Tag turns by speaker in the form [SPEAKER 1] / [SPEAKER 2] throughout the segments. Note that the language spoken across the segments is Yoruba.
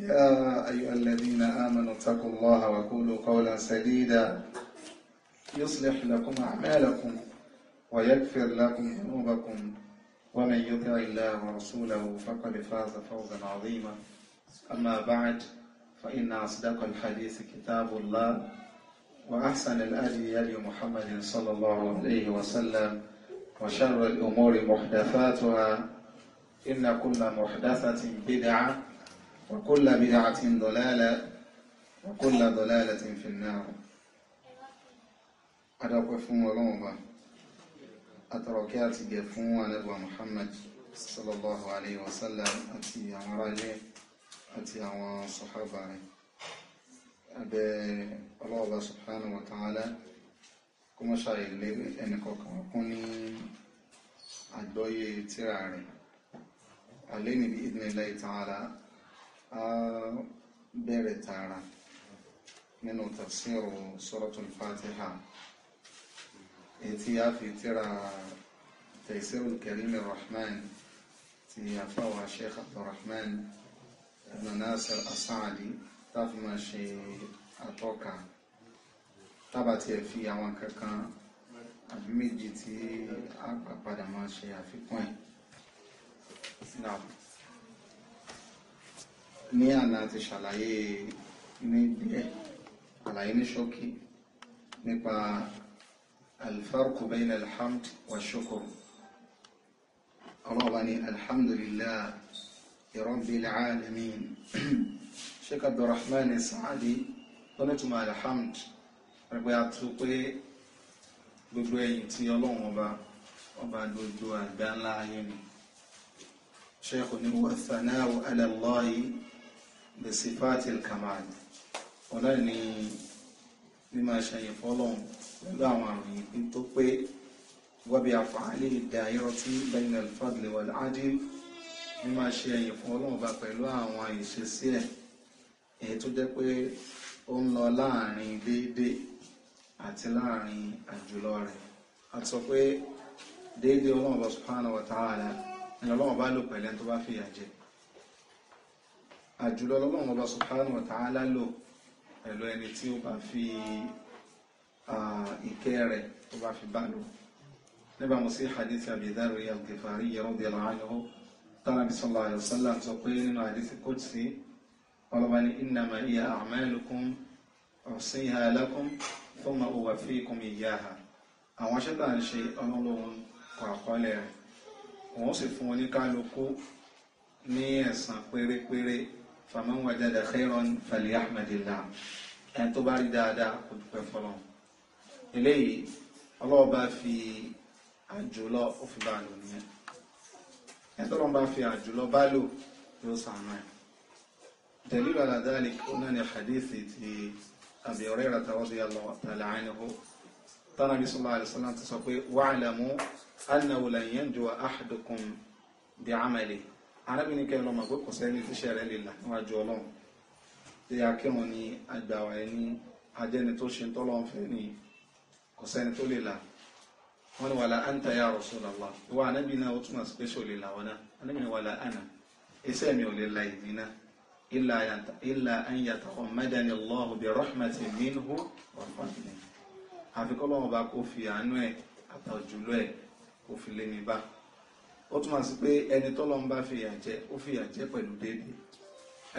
[SPEAKER 1] يا أيها الذين آمنوا اتقوا الله وقولوا قولا سديدا يصلح لكم أعمالكم ويغفر لكم ذنوبكم ومن يطع الله ورسوله فقد فاز فوزا عظيما أما بعد فإن أصدق الحديث كتاب الله وأحسن الأدي يدي محمد صلى الله عليه وسلم وشر الأمور محدثاتها إن كل محدثة بدعة وكل بدعة ضلالة وكل ضلالة في النار أدعوك فون ولومبا أترك أتجي ونبوى محمد صلى الله عليه وسلم أتي يا مراجع أتي يا صحابة أبي الله سبحانه وتعالى كما شاء اللي أنك وكوني أدوي تراري عليني بإذن الله تعالى a bẹ̀rẹ̀ tààrà nínú tafsiru suratul fatiha ètí a fi tíra tafsirul karim rahman ti àfáwà sheikh abdulrahman ibn nasir asadi táfi máa ṣe àtọ́ka tábàtí ẹ̀ àwọn kankan àbí méjì tí a gbà padà máa ṣe àfikún ẹ̀. Now ní àná àti ṣàlàyé ní díẹ̀ àlàyé ní ṣókí nípa alfarku bayna alhamd wa shukr ọlọ́ọ̀bá ní alhamdulillah rabbil alamin sheikh abdulrahman saadi tó nítumọ̀ alhamd rẹ̀gbẹ́ àtúpẹ́ gbogbo ẹ̀yìn tí ọlọ́run ọba ọba gbogbo àgbáńlá ayé ni sheikh oníwọ̀ sanáwó ala Allahi بصفات الكمال، kamal ọ̀nà ni bí máa ṣàyẹ̀ fọ́lọ́n pẹ̀lú àwọn àrùn ìpín tó pé wábí àfààní ìdáyọ́ tí bẹ́yìn alfadli wal adil bí máa ṣe ẹ̀yìn fọ́lọ́n bá pẹ̀lú àwọn ìṣesí ẹ̀ èyí pé ó ń lọ láàrin déédéé àti láàrin àjùlọ rẹ̀ a sọ pé déédéé ọlọ́run bá subhanahu wa ta'ala ni lò pẹ̀lú tó bá fìyà jẹ àjùlọ lọ́lọ́run ọba subhanahu wa ta'ala lò pẹ̀lú ẹni tí ó bá fi ìkẹ́ rẹ̀ tó bá fi bá lò nígbà mo sí hadith Abi Dharr al-Ghifari radiyallahu anhu tánà bí sallallahu alaihi wasallam sọ pé nínú hadith qudsi ọlọ́ba ní innama hiya a'malukum uhsiha lakum thumma uwaffikum iyyaha àwọn aṣẹ́tà ń ṣe ọlọ́run kọ àkọọ́lẹ̀ rẹ̀ wọ́n sì fún oníkálukú ní ẹ̀san pérépéré faman wajada khairan falyahmadillah ẹni tó bá rí dáadáa kó dúpẹ́ fọlọ́ eléyìí ọlọ́wọ́ bá fi àjùlọ ó fi bá lò nìyẹn ẹni tó lọ́n bá fi àjùlọ bá lò yóò sànú ẹ̀ dalilu ala dhalik ó hadithi ti Abi Hurairah radiyallahu ta'ala anhu tánàbí sallallahu alaihi wasallam ti sọ pé wa'lamu annahu lan yanjuwa ahadukum bi'amalihi arábìnrin kẹ́ lọ́mọ pé kò sẹ́ni tíṣẹ́ rẹ̀ lè là níwájú ọlọ́run tí a kírun ní agbàwà ẹni ajẹ́ni tó ṣe tọ́lọ́run fẹ́ ni kò sẹ́ni tó lè là wọ́n ní wàlá anta ya Rasulullah ìwà anábì náà ó túmọ̀ sí pé ṣò lè là wọn náà anábì ní wàlá àná iṣẹ́ mi ò lè la ìdí náà illa an yataghammadani Allahu bi rahmatin minhu wa àfikọ́ lọ́wọ́ bá kó fi àánú ẹ̀ àtàjùlọ ó túmọ̀ sí pé ẹni tọ́lọ́ ń bá fìyà jẹ ó fìyà jẹ pẹ̀lú déédéé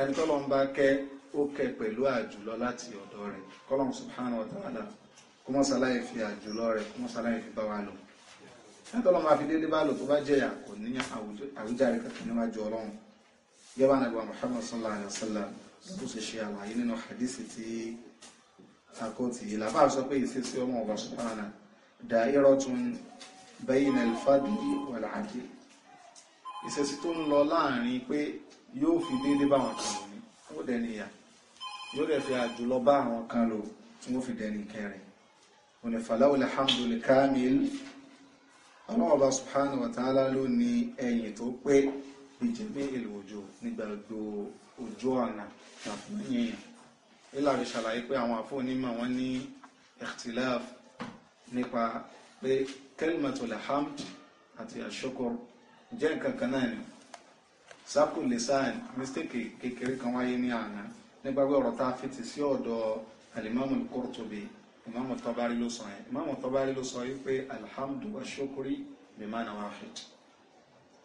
[SPEAKER 1] ẹni tọ́lọ́ ń bá kẹ́ ó kẹ́ pẹ̀lú àjùlọ láti ọ̀dọ̀ rẹ̀ kọ́lọ́mù subhanahu wa ta'ala kó mọ́ sáláyé fi àjùlọ rẹ̀ kó mọ́ sáláyé fi bá wa lò ẹni tọ́lọ́ máa fi déédéé bá lò tó bá jẹ̀yà kò ní àwùjáre kankan níwájú ọlọ́run yẹ́bà nàgbà muhammad sallallahu alayhi wa sallam tó ṣe ṣe àlàyé nínú hadisi tí àkótì yìí làbá sọ pé ìṣesí ọmọ ọba subhanahu da'irotun bayna al-fadli wal-adl ìṣesí tó ń lọ láàrin pé yóò fi déédéé bá àwọn kan lòní ó dẹni ìyà yóò dẹ̀ fi àjùlọ bá àwọn kan lò tí wọ́n fi dẹni kẹrin òní fàlàwò alhamdu lil kamil ọlọ́wọ́ bá subhanahu wa ta'ala ló ní ẹ̀yìn tó pé ìjẹ́bí ìlú òjò nígbà gbogbo ojú ọ̀nà àfúnyẹ̀yàn ìlàrí ṣàlàyé pé àwọn àfúnnímọ̀ wọ́n ní ikhtilaf nípa pé kalimatul hamd àti ashukr jẹ́ nǹkan kan náà ni sápò lè sáà mistake kékeré kan wáyé ní àná nígbà pé ọ̀rọ̀ tá a fi tì sí ọ̀dọ̀ alimami Qurtubi imamu Tabari ló sọ yẹn imamu Tabari ló sọ yìí pé alhamdu wa shukri bimana wahid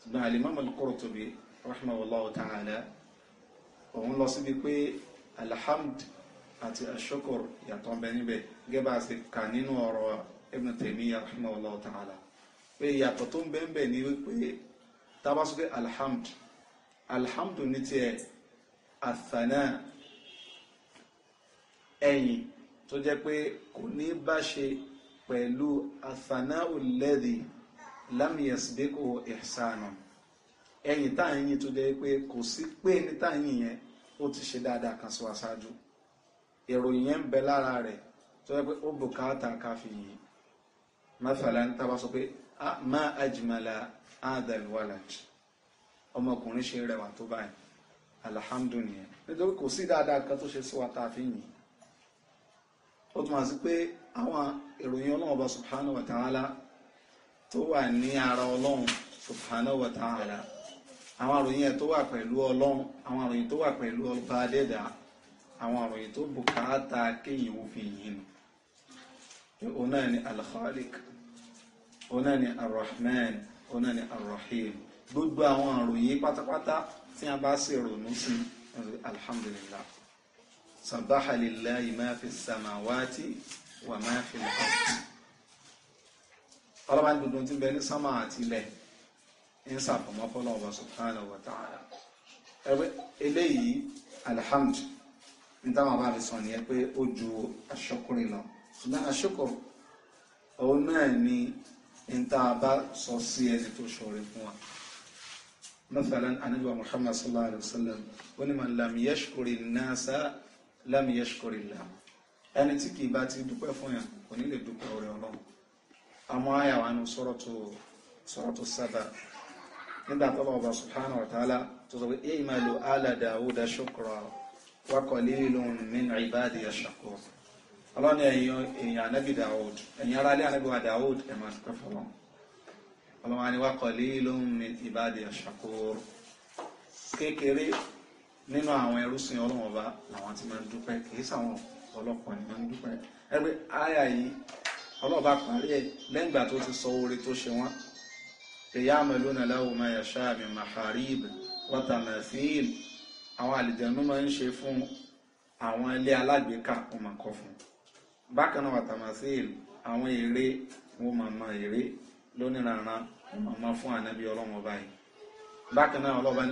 [SPEAKER 1] ṣùgbọ́n alimami Qurtubi rahimahullahu ta'ala òun lọ síbi pé alhamdu àti ashokur yàtọ̀ ń bẹ níbẹ̀ gẹ́gẹ́ bá a ṣe kà nínú ọ̀rọ̀ Ibn Taymiyyah rahimahullahu ta'ala pé yàtọ̀ tó ń bẹ ń bẹ wípé tá a bá sọ pé alhamdu alhamdu ní tiẹ̀ àfànà ẹ̀yìn tó jẹ́ pé kò ní bá ṣe pẹ̀lú àfànà olẹ́dì lámìyẹ̀sìdẹ́kò ìsànà ẹ̀yìn tá à ń yìn tó jẹ́ pé kò sí pé ní tá yẹn ó ti ṣe dáadáa kan sí wa ìròyìn yẹn ń bẹ lára rẹ̀ tó yẹ pé ó bùkátà ká fi yìn mẹ́fàlá sọ pé má ajmala adal walad ọmọkùnrin ṣe rẹwà tó báyìí alhamdulillah nítorí kò sí dáadáa kan tó ṣe sí wa tá a fi ń yìn ó túmọ̀ sí pé àwọn ìròyìn ọlọ́run ọba subhanahu wa ta'ala tó wà ní ara ọlọ́run subhanahu wa ta'ala àwọn àròyìn ẹ̀ tó wà pẹ̀lú ọlọ́run àwọn àròyìn tó wà pẹ̀lú ọba adẹ́dà àwọn àròyìn tó bùkátà kéyìn òfin yìí ni òun náà ni alkhalik òun náà ni arrahman ọ̀nà ni arrahim gbogbo àwọn àròyìn pátápátá tí a bá sì ronú sí alhamdulillah sabaha lillahi ma fi samawati wa ma fi al-ard ọlọ́ba ní gbogbo tí ń bẹ ní sánmà àti ilẹ̀ ń sàfọ̀mọ́ fọlọ́ọ̀bọ subhanahu wa ta'ala eléyìí alhamdu ní táwọn bá fi sọ nìyẹn pé ó ju aṣọkùnrin lọ ṣùgbọ́n aṣọkùnrin òun náà ni ń tá a bá sọ sí ẹni tó ṣọ̀rẹ́ fún wa mọ́sálán anábíwá muhammad sallallahu alayhi wa sallam ó ní màá lam yashkuri nasa lam yashkuri Allah ẹni tí kì í bá ti dúpẹ́ fún yàn kò ní lè dúpẹ́ ọ̀rẹ́ ọlọ́run àmọ́ àyà wa ni suratu suratu Saba nígbà tó bá subhanahu wa ta'ala tó sọ pé i'malu ala Dawuda shukra wa qalilun min ibadiya shakur ọlọ́ni ẹ̀yin èèyàn anábì dàwọ́d ẹ̀yin aráalé anábì wa dàwọ́d ẹ̀ máa dúpẹ́ fọlọ́ ọlọ́wọ́n á ní wá qalilun min ibadi ash-shakur kékeré nínú àwọn ẹrúsìn ọlọ́wọ́n bá làwọn ti máa ń dúpẹ́ kìí sàwọn ọlọ́pàá ni máa ń dúpẹ́ ẹgbẹ́ àyà yìí ọlọ́ọ̀bá parí ẹ̀ lẹ́yìn ìgbà tó ti sọ oore tó ṣe wọ́n ya'maluna lahu ma yasha' min maharib wa tamathil àwọn àlìjẹ̀nú máa ń ṣe fún àwọn ilé alágbèéká wọn máa kọ́ fún un bákan náà wàtàmásíl àwọn ère wọn máa ma ère lóníranran wọn máa ma fún ànábì ọlọ́run ọba yìí bákan náà ọlọ́ba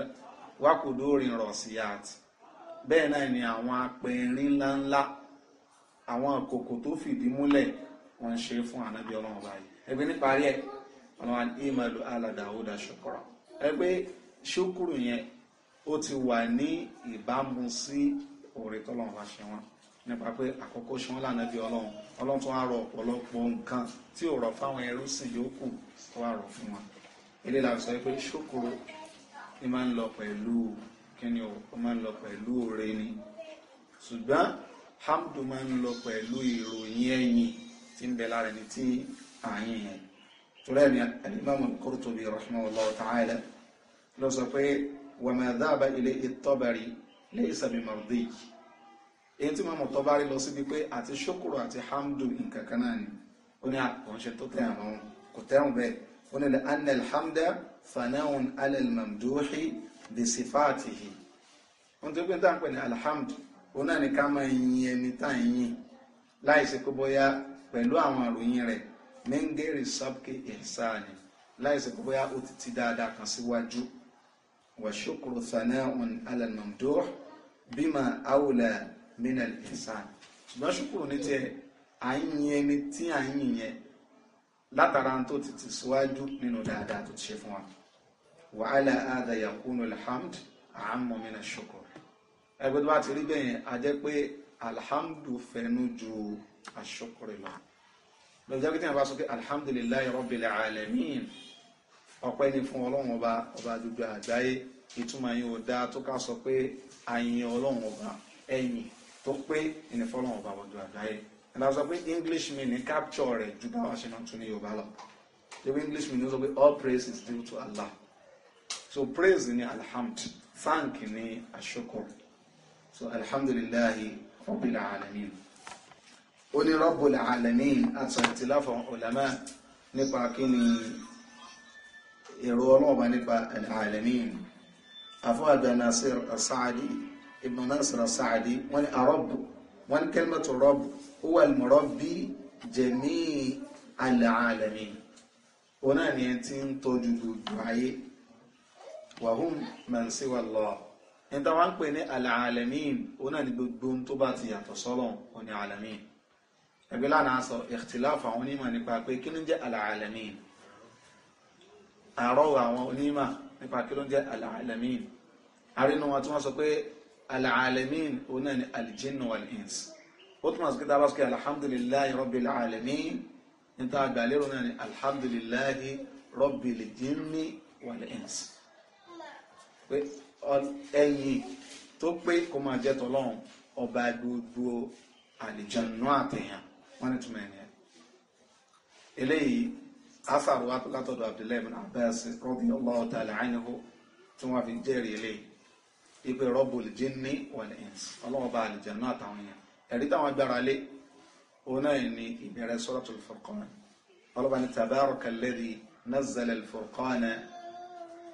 [SPEAKER 1] wákòdó rìn rọ̀ sí yàtì bẹ́ẹ̀ náà ni àwọn apẹ̀rin ńláńlá àwọn àkókò tó fìdí múlẹ̀ wọ́n ń ṣe fún ànábì ọlọ́run ọba yìí ẹgbẹ́ níparí ẹ̀ ọlọ́run ìmọ̀lú aládàáwòdà ṣọkọ̀rọ̀ ẹgbẹ́ ṣókùrù yẹn ó ti wà ní ìbámu sí òrètọ́lọ́run wá ṣe wọn nípa pé àkọ́kọ́ ṣe wọ́n lànà bí ọlọ́run ọlọ́run tó wá rọ ọ̀pọ̀lọpọ̀ nǹkan tí ò rọ fáwọn ẹrú sìn yòókù tó wá rọ fún wa ilé la sọ pé ṣókòrò ni máa ń lọ pẹ̀lú kíni o ó máa ń lọ pẹ̀lú oore ni ṣùgbọ́n hamdu máa ń lọ pẹ̀lú ìròyìn ẹ̀yìn tí ń bẹ lára ẹni tí à yẹn torí ẹni alimami Qurtubi rahimahullah ta'ala ló sọ pé wa ma dhaba ilayhi at-Tabari yìí èyí tí mọ́mọ́ tó bá rí lọ síbi pé àti ṣókòrò àti hamdu nǹkan kan náà ni ó ní àkànṣe ah, tó tẹ̀ àmọ́ kò tẹ̀rùn bẹ́ẹ̀ ó ní anna alhamda fanahun alal mamduhi bi sifatihi ohun tó gbé táwọn pè ní alhamdu òun náà ni ká máa yin ẹni tá à ń yin láìsí pé bóyá pẹ̀lú àwọn àròyìn rẹ̀ mengeri sabke ihsani láìsí pé bóyá ó ti ti dáadáa kan síwájú wàṣókòrò fanahun alal mamduhi bima minal insan ṣùgbọ́n ṣùkúrù ní tiẹ̀ à ń yin ẹni tí à ń yin yẹn látara tó ti ti síwájú nínú dáadáa tó ti ṣe fún wa wa ala hadha yakunu alhamd a'ammu min ash-shukr ẹgbẹ́ tó bá ti rí bẹ́ẹ̀ a jẹ́ pé alhamdu fẹnu ju ash-shukr lọ jẹ́ pé bá sọ pé alhamdulillahi rabbil alamin ọpẹ́ ni fún ọlọ́run ọba ọba gbogbo àgbáyé ìtumọ̀ yìí ò dáa tó ká sọ pé àyìn ọlọ́run ọba ẹ̀yìn tó pé ìní fọlọ́run ọba wọn dùn àgbáyé ẹ̀ náà sọ pé english mi ní capture rẹ̀ ju báwa ṣe máa tún ní yorùbá lọ ebi english mi ní sọ pé all praise is due to allah so praise ni alhamd thank ni ashukur so alhamdulillahi rabbil alamin oni rabbil alamin àti ìtìláfọ̀ ulama nípa kí ni èrò ọlọ́ọ̀bá nípa alamin afọ́ àgbà nasir ibn nasir saadi wọ́n ní arọ́bù wọ́n ní kalimatu rọ́bù ó wà al-murabbi jẹ̀mí al-alamin òun náà ni ẹ ti ń tọ́jú gbogbo ayé wàhùn man siwa Allah ní táwọn ń pè ní al-alamin òun náà ni gbogbo tó bá ti yàtọ̀ sọ́lọ̀ òun ni alamin ẹgbẹ́ lánàá sọ ìtìláfà àwọn onímọ̀ nípa pé kí ló ń jẹ́ al-alamin àwọn onímọ̀ nípa kí ló ń jẹ́ al arínú wọn tí wọ́n sọ pé العالمين هنا الجن والإنس وطمس كده بس الحمد لله رب العالمين انت قالوا هنا الحمد لله رب الجن والإنس ẹ̀yìn tó pé kó máa jẹ́ tọ́lọ́run ọba gbogbo àlìjànú àtẹ̀yàn wọ́n ní túmọ̀ ẹ̀yìn eléyìí asàrò látọ̀dọ̀ Abdullahi ibn Abbas radiyallahu ta'ala anhu tí wọ́n fi jẹ́rìí eléyìí ipe Rabbul jinni wal ins ọlọ́wọ́ bá àlìjẹ̀nú àtàwọn èèyàn ẹ̀rí táwọn agbára lé òun náà ní ìbẹ̀rẹ̀ Suratul Furqan ọlọ́ba ní tabaraka alladhi nazzala al-furqana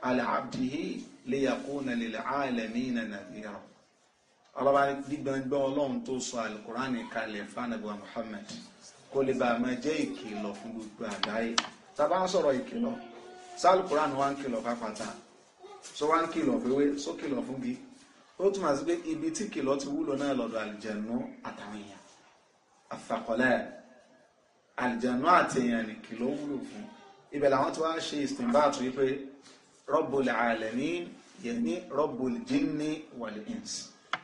[SPEAKER 1] ala abdihi liyakuna lil'alamina nadhira ọlọ́ba gbígbọ́n ọlọ́run tó sọ alukur'an kalẹ̀ fanabuwa Muhammad kó lè bá a máa jẹ́ ìkìlọ̀ fún gbogbo àgbáyé tá sọ̀rọ̀ ìkìlọ̀ sálùkùránì wa ń kìlọ̀ fápátá sọ wá ń kìlọ̀ fẹ́wé sọ kìlọ̀ fún bí ó túmọ̀ sí pé ibi tí kìlọ̀ ti wúlò náà lọ́dọ̀ àlìjẹ̀nú àtàwọn èèyàn àfàkọ́lẹ̀ àlìjẹ̀nú àti èèyàn ni kìlọ̀ wúlò fún ibẹ̀ làwọn ti wá ṣe ìsìnbáàtú yìí pé Rabbul alamin yẹn ní Rabbul jinni wal ins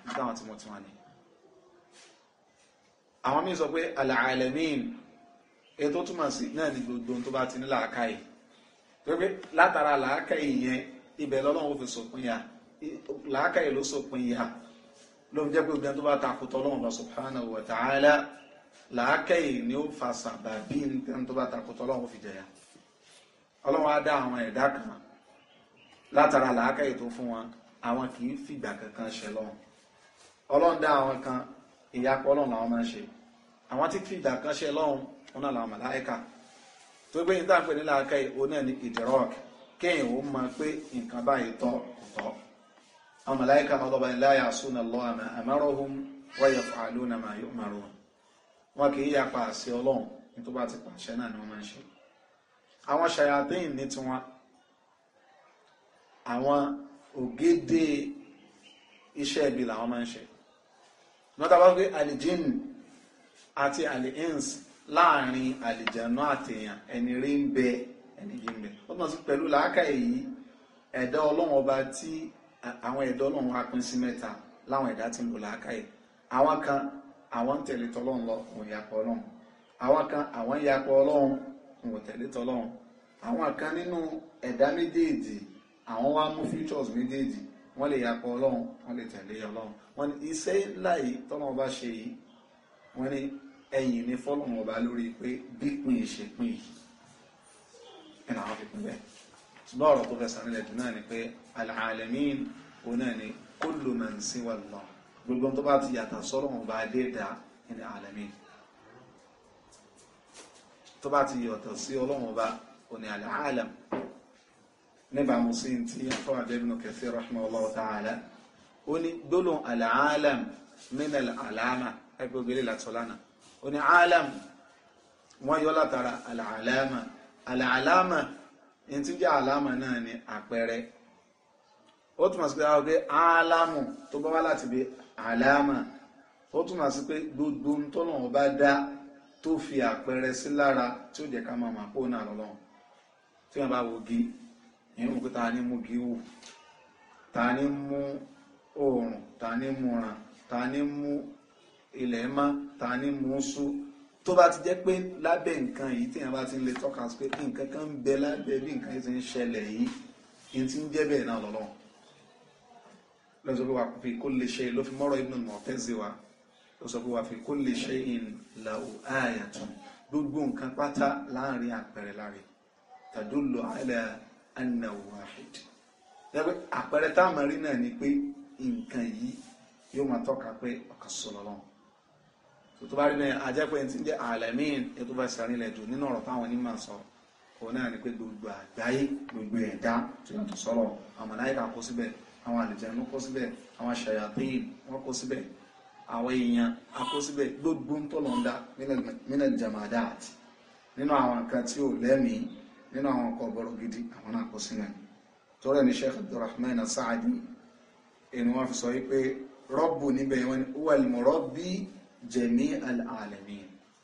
[SPEAKER 1] nítawọn tí mo ti wá ní. àwọn míì sọ pé al-alamin ètò túmọ̀ sí náà ni gbogbo tó bá ti ní làákàyè pé látara làákàyè yẹn Ibe lọ́lọ́run fi sòpin ya làákàyè ló sòpin ya ló jẹ́ pé obìnrin tó bá ta kutọ́ lọ́wọ́n wa ta'ala ni ó fa sàbàbí nǹkan tó bá ta kutọ́ lọ́wọ́n fi ya. ọlọ́run á dá àwọn ẹ̀dá kan látara làákàyè tó fún wọn àwọn kì í fìgbà kankan ṣe lọ́wọ́n ọlọ́run dá àwọn kan ìyapọ̀ làwọn máa ń ṣe àwọn kéèyàn ó mọ pé nǹkan báyìí tọ́ tọ́ àwọn màláíkà ọlọ́ba ní la ya'suna Allaha ma amarahum wa yaf'aluna ma yu'marun wọn kì í yapa àṣẹ ọlọ́run ní tó bá ti pàṣẹ náà ni wọ́n máa ń ṣe àwọn ṣayatín ní tiwọn àwọn ògédé iṣẹ́ ibi làwọn máa ń ṣe nọ́tà bá wípé àlìjín àti àlìhíns láàrin àlìjẹ̀nú àtèèyàn ẹni rí ń bẹ́ẹ̀ ẹni bí ń bẹ ó tàn sí pẹ̀lú làákà èyí ẹ̀dá ọlọ́run ọba tí àwọn ẹ̀dá ọlọ́run wa pín sí mẹ́ta láwọn ẹ̀dá tí ń lò làákà yìí àwọn kan àwọn ń tẹ̀lé tọlọ́run lọ òun yàpọ̀ ọlọ́run àwọn kan àwọn ń yàpọ̀ ọlọ́run òun tẹ̀lé tọlọ́run àwọn kan nínú ẹ̀dá méjèèjì àwọn wá mú features méjèèjì wọ́n lè yàpọ̀ ọlọ́run wọ́n lè tẹ̀lé ọlọ́run wọ́n ní iṣẹ́ ńlá yìí tọ́lọ́run ọba ṣe yìí wọ́n ní ẹ̀yìn ní fọ́lọ́run ọba lórí pé bí pin ìṣèpin yìí ẹ̀nà àwọn fi pín bẹ́ẹ̀ ṣùgbọ́n ọ̀rọ̀ tó fẹsẹ̀ rẹ̀ jù náà ni pé alàlẹ́mìn òun náà ni kullu man siwa Allah gbogbo tó bá ti yàtọ̀ sọ́rọ̀ wọn bá dé dá ẹni alàlẹ́mìn tó bá ti yàtọ̀ sí ọlọ́wọ́n bá òní alàlẹ́m nígbà mo sí ti afọ́n àbẹ́bínú kẹfẹ́ rahimahullahu ta'ala ó ní gbólóhùn alàlẹ́m mínà alàmà ẹgbẹ́ ògbélé làtọ́lánà ó ní alàmù wọ́n yọ látara alàlẹ́mà àlàálámà ní tí ń jẹ́ àlámà náà ni àpẹẹrẹ ó túmọ̀ sí pé àwọn pé álámù tó bá wá láti bí àlámà ó túmọ̀ sí pé gbogbo ohun tó lọ́wọ́ bá dá tó fi àpẹẹrẹ sí lára tí ó jẹ́ ká máa máa pòun náà lọ́lọ́run tí wọ́n bá wo gi ìyẹn mú pé ta ni mú gi wù ta ni mú oòrùn ta ni mú ràn ta ni mú ilẹ̀ mọ́ ta ni mú sùn tó bá ti jẹ́ pé lábẹ́ nǹkan yìí tí èèyàn bá ti lè tọ́ka sí pé nǹkan kan ń bẹ lábẹ́ bí nǹkan yìí ti ń ṣẹlẹ̀ yìí kí n ti ń jẹ́ bẹ́ẹ̀ náà lọ́lọ́run lọ́sọ pé wà fi kulli shay ló fi mọ́rọ̀ Ibn Mu'tazi wa lọ́sọ pé wà fi kulli shay'in lahu ayatun gbogbo nǹkan pátá láàrin àpẹẹrẹ láàrin tadullu ala annahu wahid àpẹẹrẹ táwọn rí náà ni pé nǹkan yìí yóò máa tọ́ka pé ọ̀kan ṣoṣo lọ́lọ́run tó bá rí bẹ́ẹ̀ àjẹpẹ́ ti ń jẹ́ alamin ètò bá sàrin ilẹ̀ jù nínú ọ̀rọ̀ táwọn onímọ̀ sọ òun náà ni pé gbogbo àgbáyé gbogbo ẹ̀dá tí wọ́n tún sọ̀rọ̀ àwọn aláìka kó síbẹ̀ àwọn àlùjẹ̀nu kó síbẹ̀ àwọn ṣàyàpín wọ́n kó síbẹ̀ àwọn èèyàn akó síbẹ̀ gbogbo ń tọ̀nà ń dá mílẹ̀ jàmàdá àti nínú àwọn nǹkan tí ò lẹ́mìí nínú àwọn nǹkan ọ̀bọ̀rọ̀ gidi àwọn náà kó síbẹ̀ torí ẹni Sheikh Abdulrahman Saadi ẹni wọ́n fi sọ wípé rọ́bù níbẹ̀ wọn ni wọ́n ni mo rọ́bì jẹ̀mí alàlẹ́mí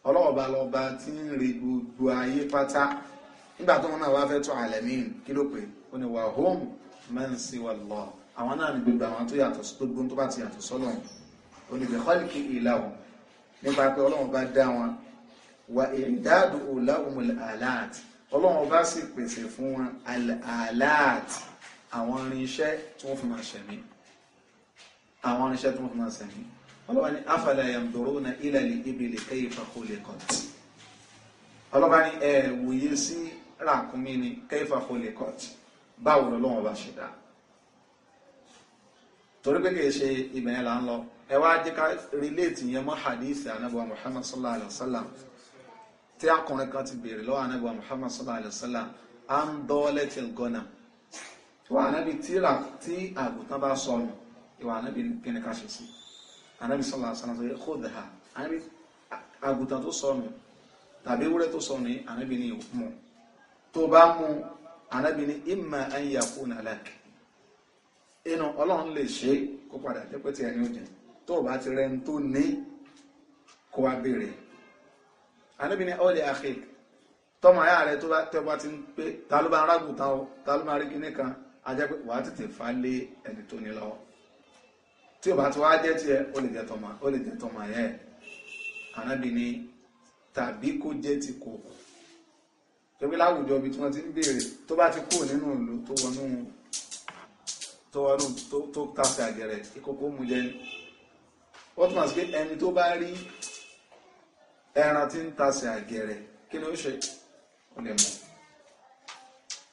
[SPEAKER 1] ọlọ́ọ̀bá lọ́ba tí ń re gbogbo ayé pátá nígbà tó wọn náà wá fẹ́ tún alẹ́mí kí ló pé ó ní wà hóum man siwa Allah àwọn náà ní gbogbo àwọn tó yàtọ̀ tó gbóhùn tó bá ti yàtọ̀ sọ́lọ̀ ó ní bẹ̀kọ́lìkì ìlà wọn nípa pé ọlọ́run bá dá wọn wà ìdádù òláhùn aláàt ọlọ́run bá sì pèsè fún wọn aláàt àwọn irinṣẹ́ tí fi máa ṣẹ̀mí àwọn irinṣẹ́ tí fi máa ṣẹ̀mí ọlọ́ba ní afala yamduruna ila al-ibili kayfa khuliqat ọlọ́ba ní ẹ wòye sí ràkúnmí ni kayfa khuliqat báwo lọ́wọ́ bá ṣe dá torí pé kìí ṣe ibẹ̀ yẹn là ń lọ ẹ wá jẹ́ ká rìlẹ́ẹ̀tì yẹn mọ́ hadith anabuwa muhammad sallallahu alayhi wa sallam tí akọrin kan ti béèrè lọ́wọ́ anabuwa muhammad sallallahu alayhi wa sallam à ń dọ́ọ́lẹ́ ti gọ́nà wà nábi tí àgùntàn bá sọnù ìwà nábi kí ni ká ṣe sí i anabi sọlá asana sọ yẹ kó dàá anabi àgùntàn tó sọnù tàbí ewúrẹ́ tó sọnù yìí anabi ní ìwọ mọ tó bá mú anabi ní ìmà ayíyàkú nàlàkì inú ọlọ́run lè ṣe kó padà jẹ́ pé tí ẹni ó jẹ tó bá ti rẹ́ni tó ní kó wá béèrè anabi ní ọ̀lẹ́ àkè tọmọ ayá rẹ tó bá tẹ bá ti ń pé ta ló bá ń rágùntàn o ta ló bá ń rí kíní kan a pé wàá tètè fà lé ẹni tó ní lọ́wọ́ tí o bá ti wá jẹ́ tiẹ̀ ó lè jẹ́ tọmọ ó lè jẹ́ tọmọ yẹn ànábì ni tàbí kó jẹ́ ti kòkò torí láwùjọ ibi tí wọ́n ti ń béèrè tó bá ti kúrò nínú ìlú tó wọnú tó wọnú tó tàfẹ́ àgẹ̀rẹ̀ ìkòkò mú jẹ wọ́n túmọ̀ sí pé ẹni tó bá rí ẹran tí ń tasẹ̀ àgẹ̀rẹ̀ kí ni ó ṣe ó lè mú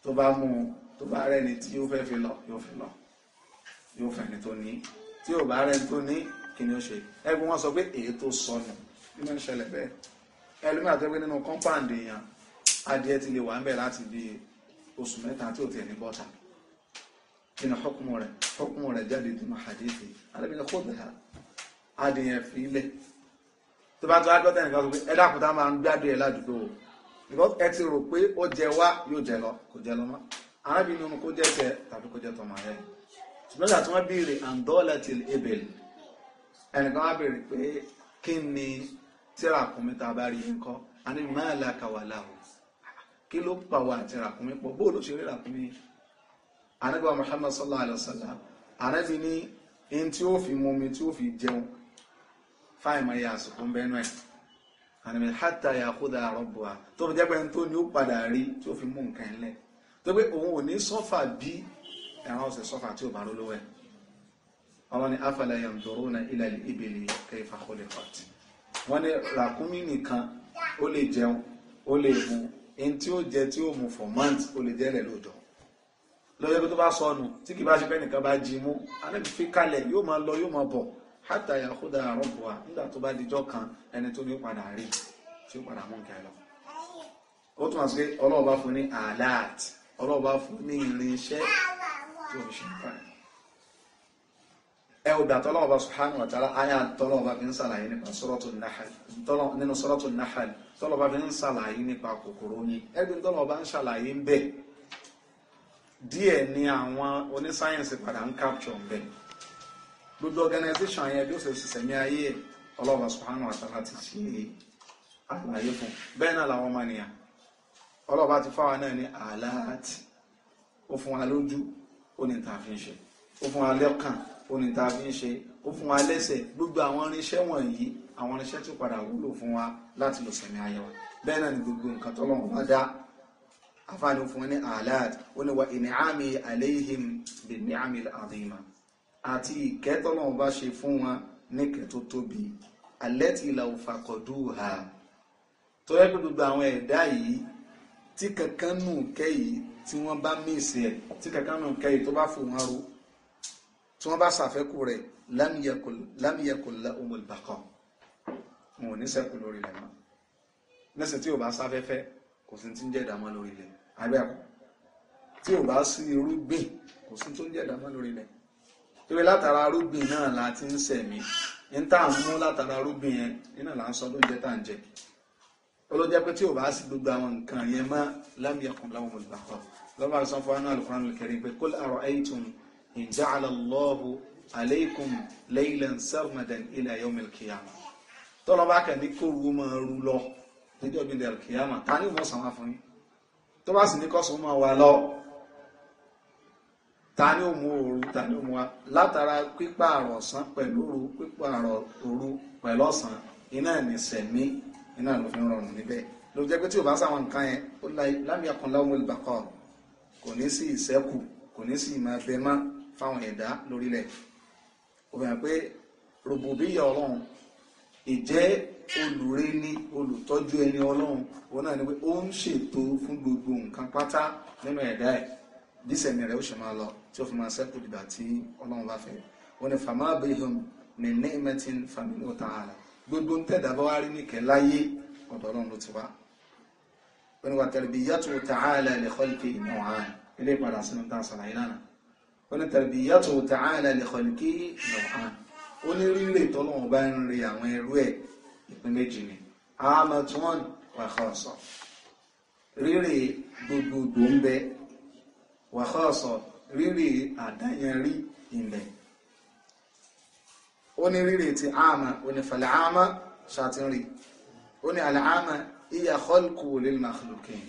[SPEAKER 1] tó bá mú tó bá rẹ́ni tí yóò fẹ́ fi lọ yóò fi lọ yóò fẹ́ni tó ní tí ò bá rẹ tó ní kí ni ó ṣe ẹgbẹ́ wọn sọ pé èyí tó sọnù bí wọ́n ń ṣẹlẹ̀ bẹ́ẹ̀ ẹlòmíràn tó gbé nínú kọ́ńpáàndì èèyàn adìẹ ti lè wà ń bẹ̀ láti bí oṣù mẹ́ta tí ò tiẹ̀ ní bọ́ta kí ni hukumu rẹ̀ hukumu rẹ̀ jáde nínú hadithi alábìnrin kò dà adìẹ fi lẹ̀ tó bá tó adúlọ́tẹ̀ nìkan sọ pé ẹ dákun tá a máa ń gbádùn ẹ ládùúgbò o because ẹ ti rò pé ó jẹ wá yóò jẹ lọ kò jẹ lọ mọ́ arábìnrin omi kó jẹ́ tẹ tàbí kó jẹ́ tọmọ ayẹyẹ ṣùgbọ́n ìgbà tí wọ́n béèrè andola ti ebel ẹnìkan wá béèrè pé kí ni tíra kùnmi tá a bá rí nǹkan a ní máa la kàwálà o kí ló pàwọ́ àti ràkúnmí pọ̀ bóòlù ṣe rí ràkúnmí anábíwá Muhammad sallallahu alaihi wasallam anábí ní in tí ó fi mú mi tí ó fi jẹun fáìmọ̀ ya àsìkò ń bẹ́nu ẹ̀ ànàmì hátà ya kódà àrọ́bù wa tó fi jẹ́ pé tó ní ó padà rí tí ó fi mú nǹkan ẹ̀ lẹ̀ tó pé òun ò ní sọ́fà bí ẹran ọ̀sẹ̀ sọ́fà tí ò bá rólówó ẹ̀ ọlọ́ni afala yanzuruna ila al-ibili kayfa khuliqat wọ́n ní ràkúnmí nìkan ó lè jẹun ó lè mu ẹni tí ó jẹ tí ó mu for months ó lè jẹ́ rẹ̀ lóòjọ́ lọ́jọ́ tó bá sọnù tí kì bá ṣe fẹ́ nìkan bá jí mú anábì fi kalẹ̀ yóò máa lọ yóò máa bọ̀ hátà yàkúdà àrọ́bùwà nígbà tó bá dijọ́ kan ẹni tó ní padà rí tí ó padà mú nǹkan ẹ lọ. ó túmọ̀ sí pé ọlọ́ọ̀bá fún ní alert ọlọ́ọ̀bá fún ní irinṣẹ́ tí o fi ṣe nǹkan yìí ẹ ò dà tọ́lọ́wọ́ bá subhanahu wa ta'ala ayé àtọ́lọ́wọ́ bá fi ń ṣàlàyé nípa suratul Nahl nínú suratul Nahl tọ́lọ́wọ́ bá fi ń ṣàlàyé nípa kòkòrò oyin ẹgbẹ́ tọ́lọ́wọ́ bá ń ṣàlàyé ń bẹ̀ díẹ̀ ni àwọn onísáyẹ̀nsì padà ń capture ń gbogbo organization yẹn bí ó ṣe ṣiṣẹ́ ní ayé ọlọ́wọ́ bá wa ta'ala ti ṣe àlàyé fún bẹ́ẹ̀ náà làwọn ọmọ nìyà ọlọ́wọ́ bá ti fáwọn náà ní àlàáti ó fún wa lójú ó ní ta fi ń ṣe ó fún wa lọ́kàn ó ní ta fi ń ṣe ó fún wa lẹ́sẹ̀ gbogbo àwọn irinṣẹ́ wọ̀nyí àwọn irinṣẹ́ tó padà wúlò fún wa láti lò sẹ̀mí ayé wa bẹ́ẹ̀ náà ni gbogbo nǹkan tọ́lọ́run bá dá afaani fún ní alat ó ní wa ìníàmì àléhìm bí níàmì àdìmà àti ìkẹ́ tọ́lọ́run bá ṣe fún wọn níkẹ́ tó tóbi alẹ́ tí ìlà òfàkọ̀dù ha tó yẹ pé gbogbo àwọn ẹ̀dá yìí tí kankan nù kẹ́ yìí tí wọ́n bá míìsì ẹ̀ tí kankan náà kẹ́yìn tó bá fò wọ́n ro tí wọ́n bá ṣàfẹ́kù rẹ̀ lámìyẹ̀kọ̀ lọ́mọlùbàkọ̀ wọn ò ní sẹ́kù lórí rẹ̀ mọ́ lẹ́sẹ̀ tí ò bá sáfẹ́fẹ́ kò sí ti ń jẹ́ ìdààmú lórí rẹ̀ abẹ́ àpò tí ò bá sí irúgbìn kò sí tó ń jẹ́ ìdààmú lórí rẹ̀ torí látara arúgbìn náà la ti ń sẹ̀mí ní tá ń mú látara arúgbìn yẹn iná là ń sọ lóúnjẹ tá à ń jẹ olójẹ́ pé tí o bá sí gbogbo àwọn nǹkan yẹn mọ́ lámìyàkùn láwọn olùgbàkọ́ lọ́wọ́ àrùn sanfọ́ anú al-Qur'an al-Karim pé qul ara'aytum in ja'ala Allahu alaykum laylan sarmadan ila yawm al-qiyamah tọ́lọ́ bá kàn ní kóru máa ru lọ níjọ́ bí al-qiyama ta ni ìmọ̀ sàn wá fún yín tó bá sì ní kọ́sùn máa wà lọ ta ni ó mú ta ni ó mú wa látara pípààrọ̀ ọ̀sán pẹ̀lú òru pípààrọ̀ òru pẹ̀lú ọ̀sán iná ẹ̀ sẹ̀mí iná ló fi rọrùn níbẹ̀ ló jẹ́ pé tí o bá sáwọn nǹkan yẹn ó lámì akọ̀ńlá ọmọ ìbàkọ̀ kò ní sí ìṣẹ́kù kò ní sí ìmọ̀ abẹ mọ́ fáwọn ẹ̀dá lórílẹ̀ obìnrin pé rògbòbíyà ọlọ́run ìjẹ́ olùre ní olùtọ́jú ẹni ọlọ́run òun náà ni pé ó ń ṣètò fún gbogbo nǹkan pátá nínú ẹ̀dá ẹ̀ bí sẹ̀mí rẹ̀ ó ṣe máa lọ tí ó fi máa ṣẹ́kù dìgbà tí ọlọ́run bá fẹ́ ó ní fama bihum min ni'matin famin wa ta'ala gbogbo ń tẹ̀dá bá wá rí nìkẹ́ láyé ọ̀dọ̀ ọlọ́run ló ti wá wọn wà tarbiyatu ta'ala li khalqihi naw'an ilé ìpadà sínú tá a sàlàyé lánàá wọn tarbiyatu ta'ala li khalqihi naw'an ó ní rírè tọ́lọ́run bá ń re àwọn ẹrú ẹ̀ ìpín méjì ni amatun wa khassa rírè gbogbogbò ń bẹ àdáyẹnrí ilẹ̀ ó ní rírì ti àmà ó ní fàlẹ̀ àmà ṣàtìrì ó ní àlẹ̀ àmà ìyà khalqu lil makhluqin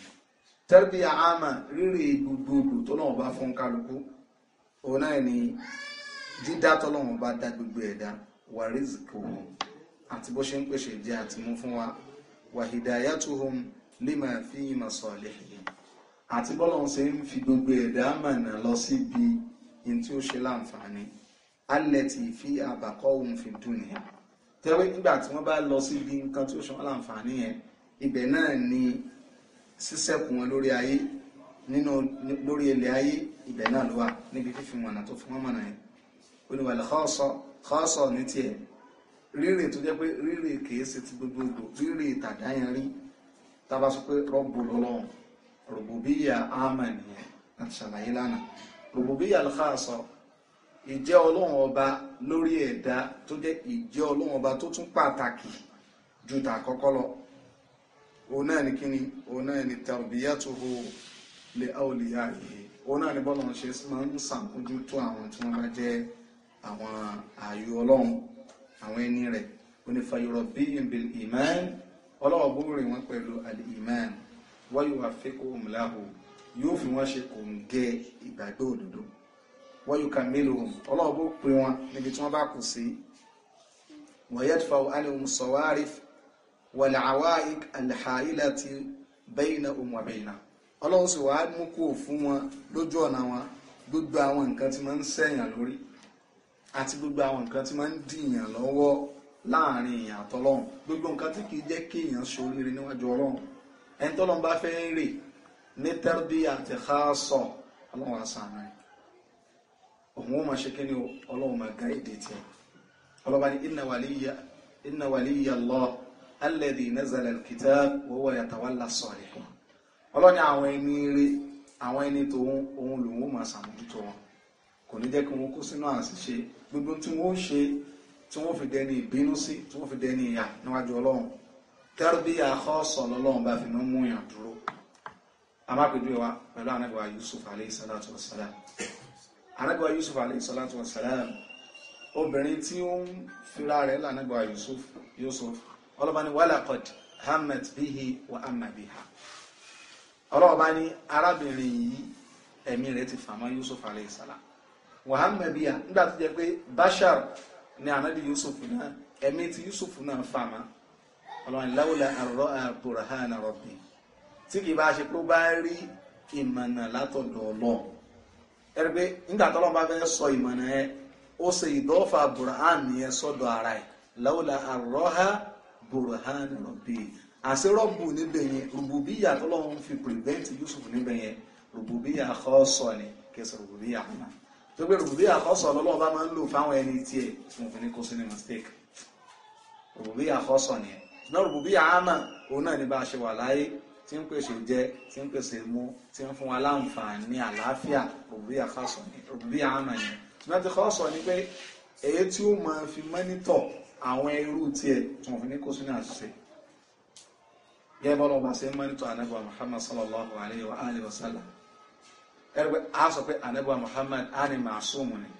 [SPEAKER 1] tẹ́rìbíyà àmà rírì gbogbogbò tó lọ́wọ́ bá fún kálukú òun náà ni dídá tọ́lọ́wọ́ bá dá gbogbo ẹ̀dá wà rìzìkò àti bó ṣe ń pèsè jẹ àtìmú fún wa wà hidayatuhum lima fi masalihihim àti bọ́lọ̀ ṣe ń fi gbogbo ẹ̀dá mọ̀nà lọ síbi in tí ó ṣe láǹfààní alẹ́tì fi àbàkọ́ ohun fi dùn yẹn tẹ́wé nígbà tí wọ́n bá lọ sí ibi nǹkan tí ó ṣe wọ́n láǹfààní yẹn ibẹ̀ náà ni sísẹ́kù wọn lórí ayé nínú lórí ilẹ̀ ayé ibẹ̀ náà ló wà níbi fífi mọ̀nà tó fi wọ́n mọ̀nà yẹn oníwàlẹ̀ xọ́ọ̀sọ̀ ní tiẹ̀ rírè tó jẹ́ pé rírè kìí ṣe ti gbogbogbò rírè tàdáyẹnrí tába sọ pé rọ́bù lọ́lọ́run rògbòbíyà ámà nìyẹn àti ṣàlàyé lánàá rògbòbíyà lọ́xọ́ọ̀sọ̀ ìjẹ́ ọlọ́run ọba lórí ẹ̀dá tó jẹ́ ìjẹ́ ọlọ́run ọba tó tún pàtàkì ju tàkọ́kọ́ lọ òun náà ni kíni òun náà ni tarbiyatuhu li awliyaihi òun náà ni bọ́lá ṣe máa ń sàmójú tó àwọn tí wọ́n bá jẹ́ àwọn ààyò ọlọ́run àwọn ẹni rẹ̀ onífàyọrọ bíyìn bil iman ọlọ́run búrò wọn pẹ̀lú al iman wa yuwaffiquhum lahu yóò fi wọ́n ṣe kòǹgẹ́ ìgbàgbé òdodo wọ́n yóò kà mélòó wọn ọlọ́run bó pè wọn níbi tí wọ́n bá kù sí wọ̀yẹ́dfà ánìhùn sọ̀wárí wàlàáwá àlàáìlà ti bẹ́yìnà òun àbẹ̀yìnà ọlọ́run sì wàá mú kó fún wọn lójú ọ̀nà wọn gbogbo àwọn nǹkan tí máa ń sẹ̀yàn lórí àti gbogbo àwọn nǹkan tí máa ń dìyàn lọ́wọ́ láàrin èèyàn àtọlọ́run gbogbo nǹkan tí kìí jẹ́ kéèyàn ṣoríire níwájú ọlọ́run ẹni tọ́lọ́run bá fẹ́ rè ní tẹ́rbíyà àti xaasọ̀ ọlọ́run àṣà òun ó máa ṣe kí ni ọlọ́run máa ga èdè tiẹ̀ ọlọ́ba ní inna waliya Allah alladhi nazala al-kitab wa huwa yatawalla as-salihin ọlọ́ni àwọn ẹni rí àwọn ẹni tòun òun lòun ó máa ṣàmójútó wọn kò ní jẹ́ kí wọ́n kó sínú àṣìṣe gbogbo tí wọ́n ṣe tí wọ́n fi dẹni ìbínú sí tí wọ́n fi dẹni ìyà níwájú ọlọ́run tẹ́rọ̀bíyà àkọ́sọ̀ lọ́lọ́run bá fi mọ́ mú yàn dúró amápẹ̀dúwẹ̀ wa pẹ̀lú ànábì Yusuf alayhi salatu wassalam anábíwá yusuf alayhi salatu wa salam obìnrin tí ó ń fira rẹ̀ lànàgbà yusuf yusuf ọlọ́ba ni walakod hamad bihi wa amma biha ọlọ́ba ni arábìnrin yìí ẹ̀mí rẹ̀ ti fàmọ́ yusuf alayhi salam wa amma biha nígbà tó jẹ́ pé bashar ni anabi yusuf náà ẹ̀mí ti yusuf náà fàmọ́ ọlọ́ba ni lawla arọ́ burhana rabbi tí kì bá ṣe pé ó bá rí ìmọ̀nà látọ̀dọ̀ ọlọ́run ẹ̀rí pé nígbà tó lọ́nà bá fẹ́ sọ ìmọ̀nà ẹ ó ṣe ìdọ́fà burhan yẹn sọ́dọ̀ ara ẹ̀ lawla arọ́ha burhan rọ̀bì àṣírọ́bù níbẹ̀ yẹn rùbùbíyà tó lọ́nà fi prevent Yusuf níbẹ̀ yẹn rùbùbíyà khassa ni kẹsì rùbùbíyà ọ̀nà tó gbé rùbùbíyà khassa lọ́lọ́wọ́ bá máa ń lò fáwọn ẹni tiẹ̀ fún òfin kó sí mistake rùbùbíyà khassa ni ẹ̀ náà rùbùbíyà àmà òun náà ní bá a ṣe wà láyé tí ń pèsè jẹ tí ń pèsè mu tí ń fún wa láǹfààní àlàáfíà rububiyya khassa ni rububiyya àmà ni ṣùgbọ́n ti khassa ni pé èyí tí ó máa fi mọ́nítọ̀ àwọn irú tiẹ̀ tí wọ́n fi ní kó sínú àṣìṣe gẹ́gẹ́ bọ́lá ọba ṣe ń mọ́nítọ̀ anábọ̀ Muhammad sallallahu alayhi wa alihi wa sallam ẹ̀rọ a sọ pé anábọ̀ Muhammad á ní màásùmù ni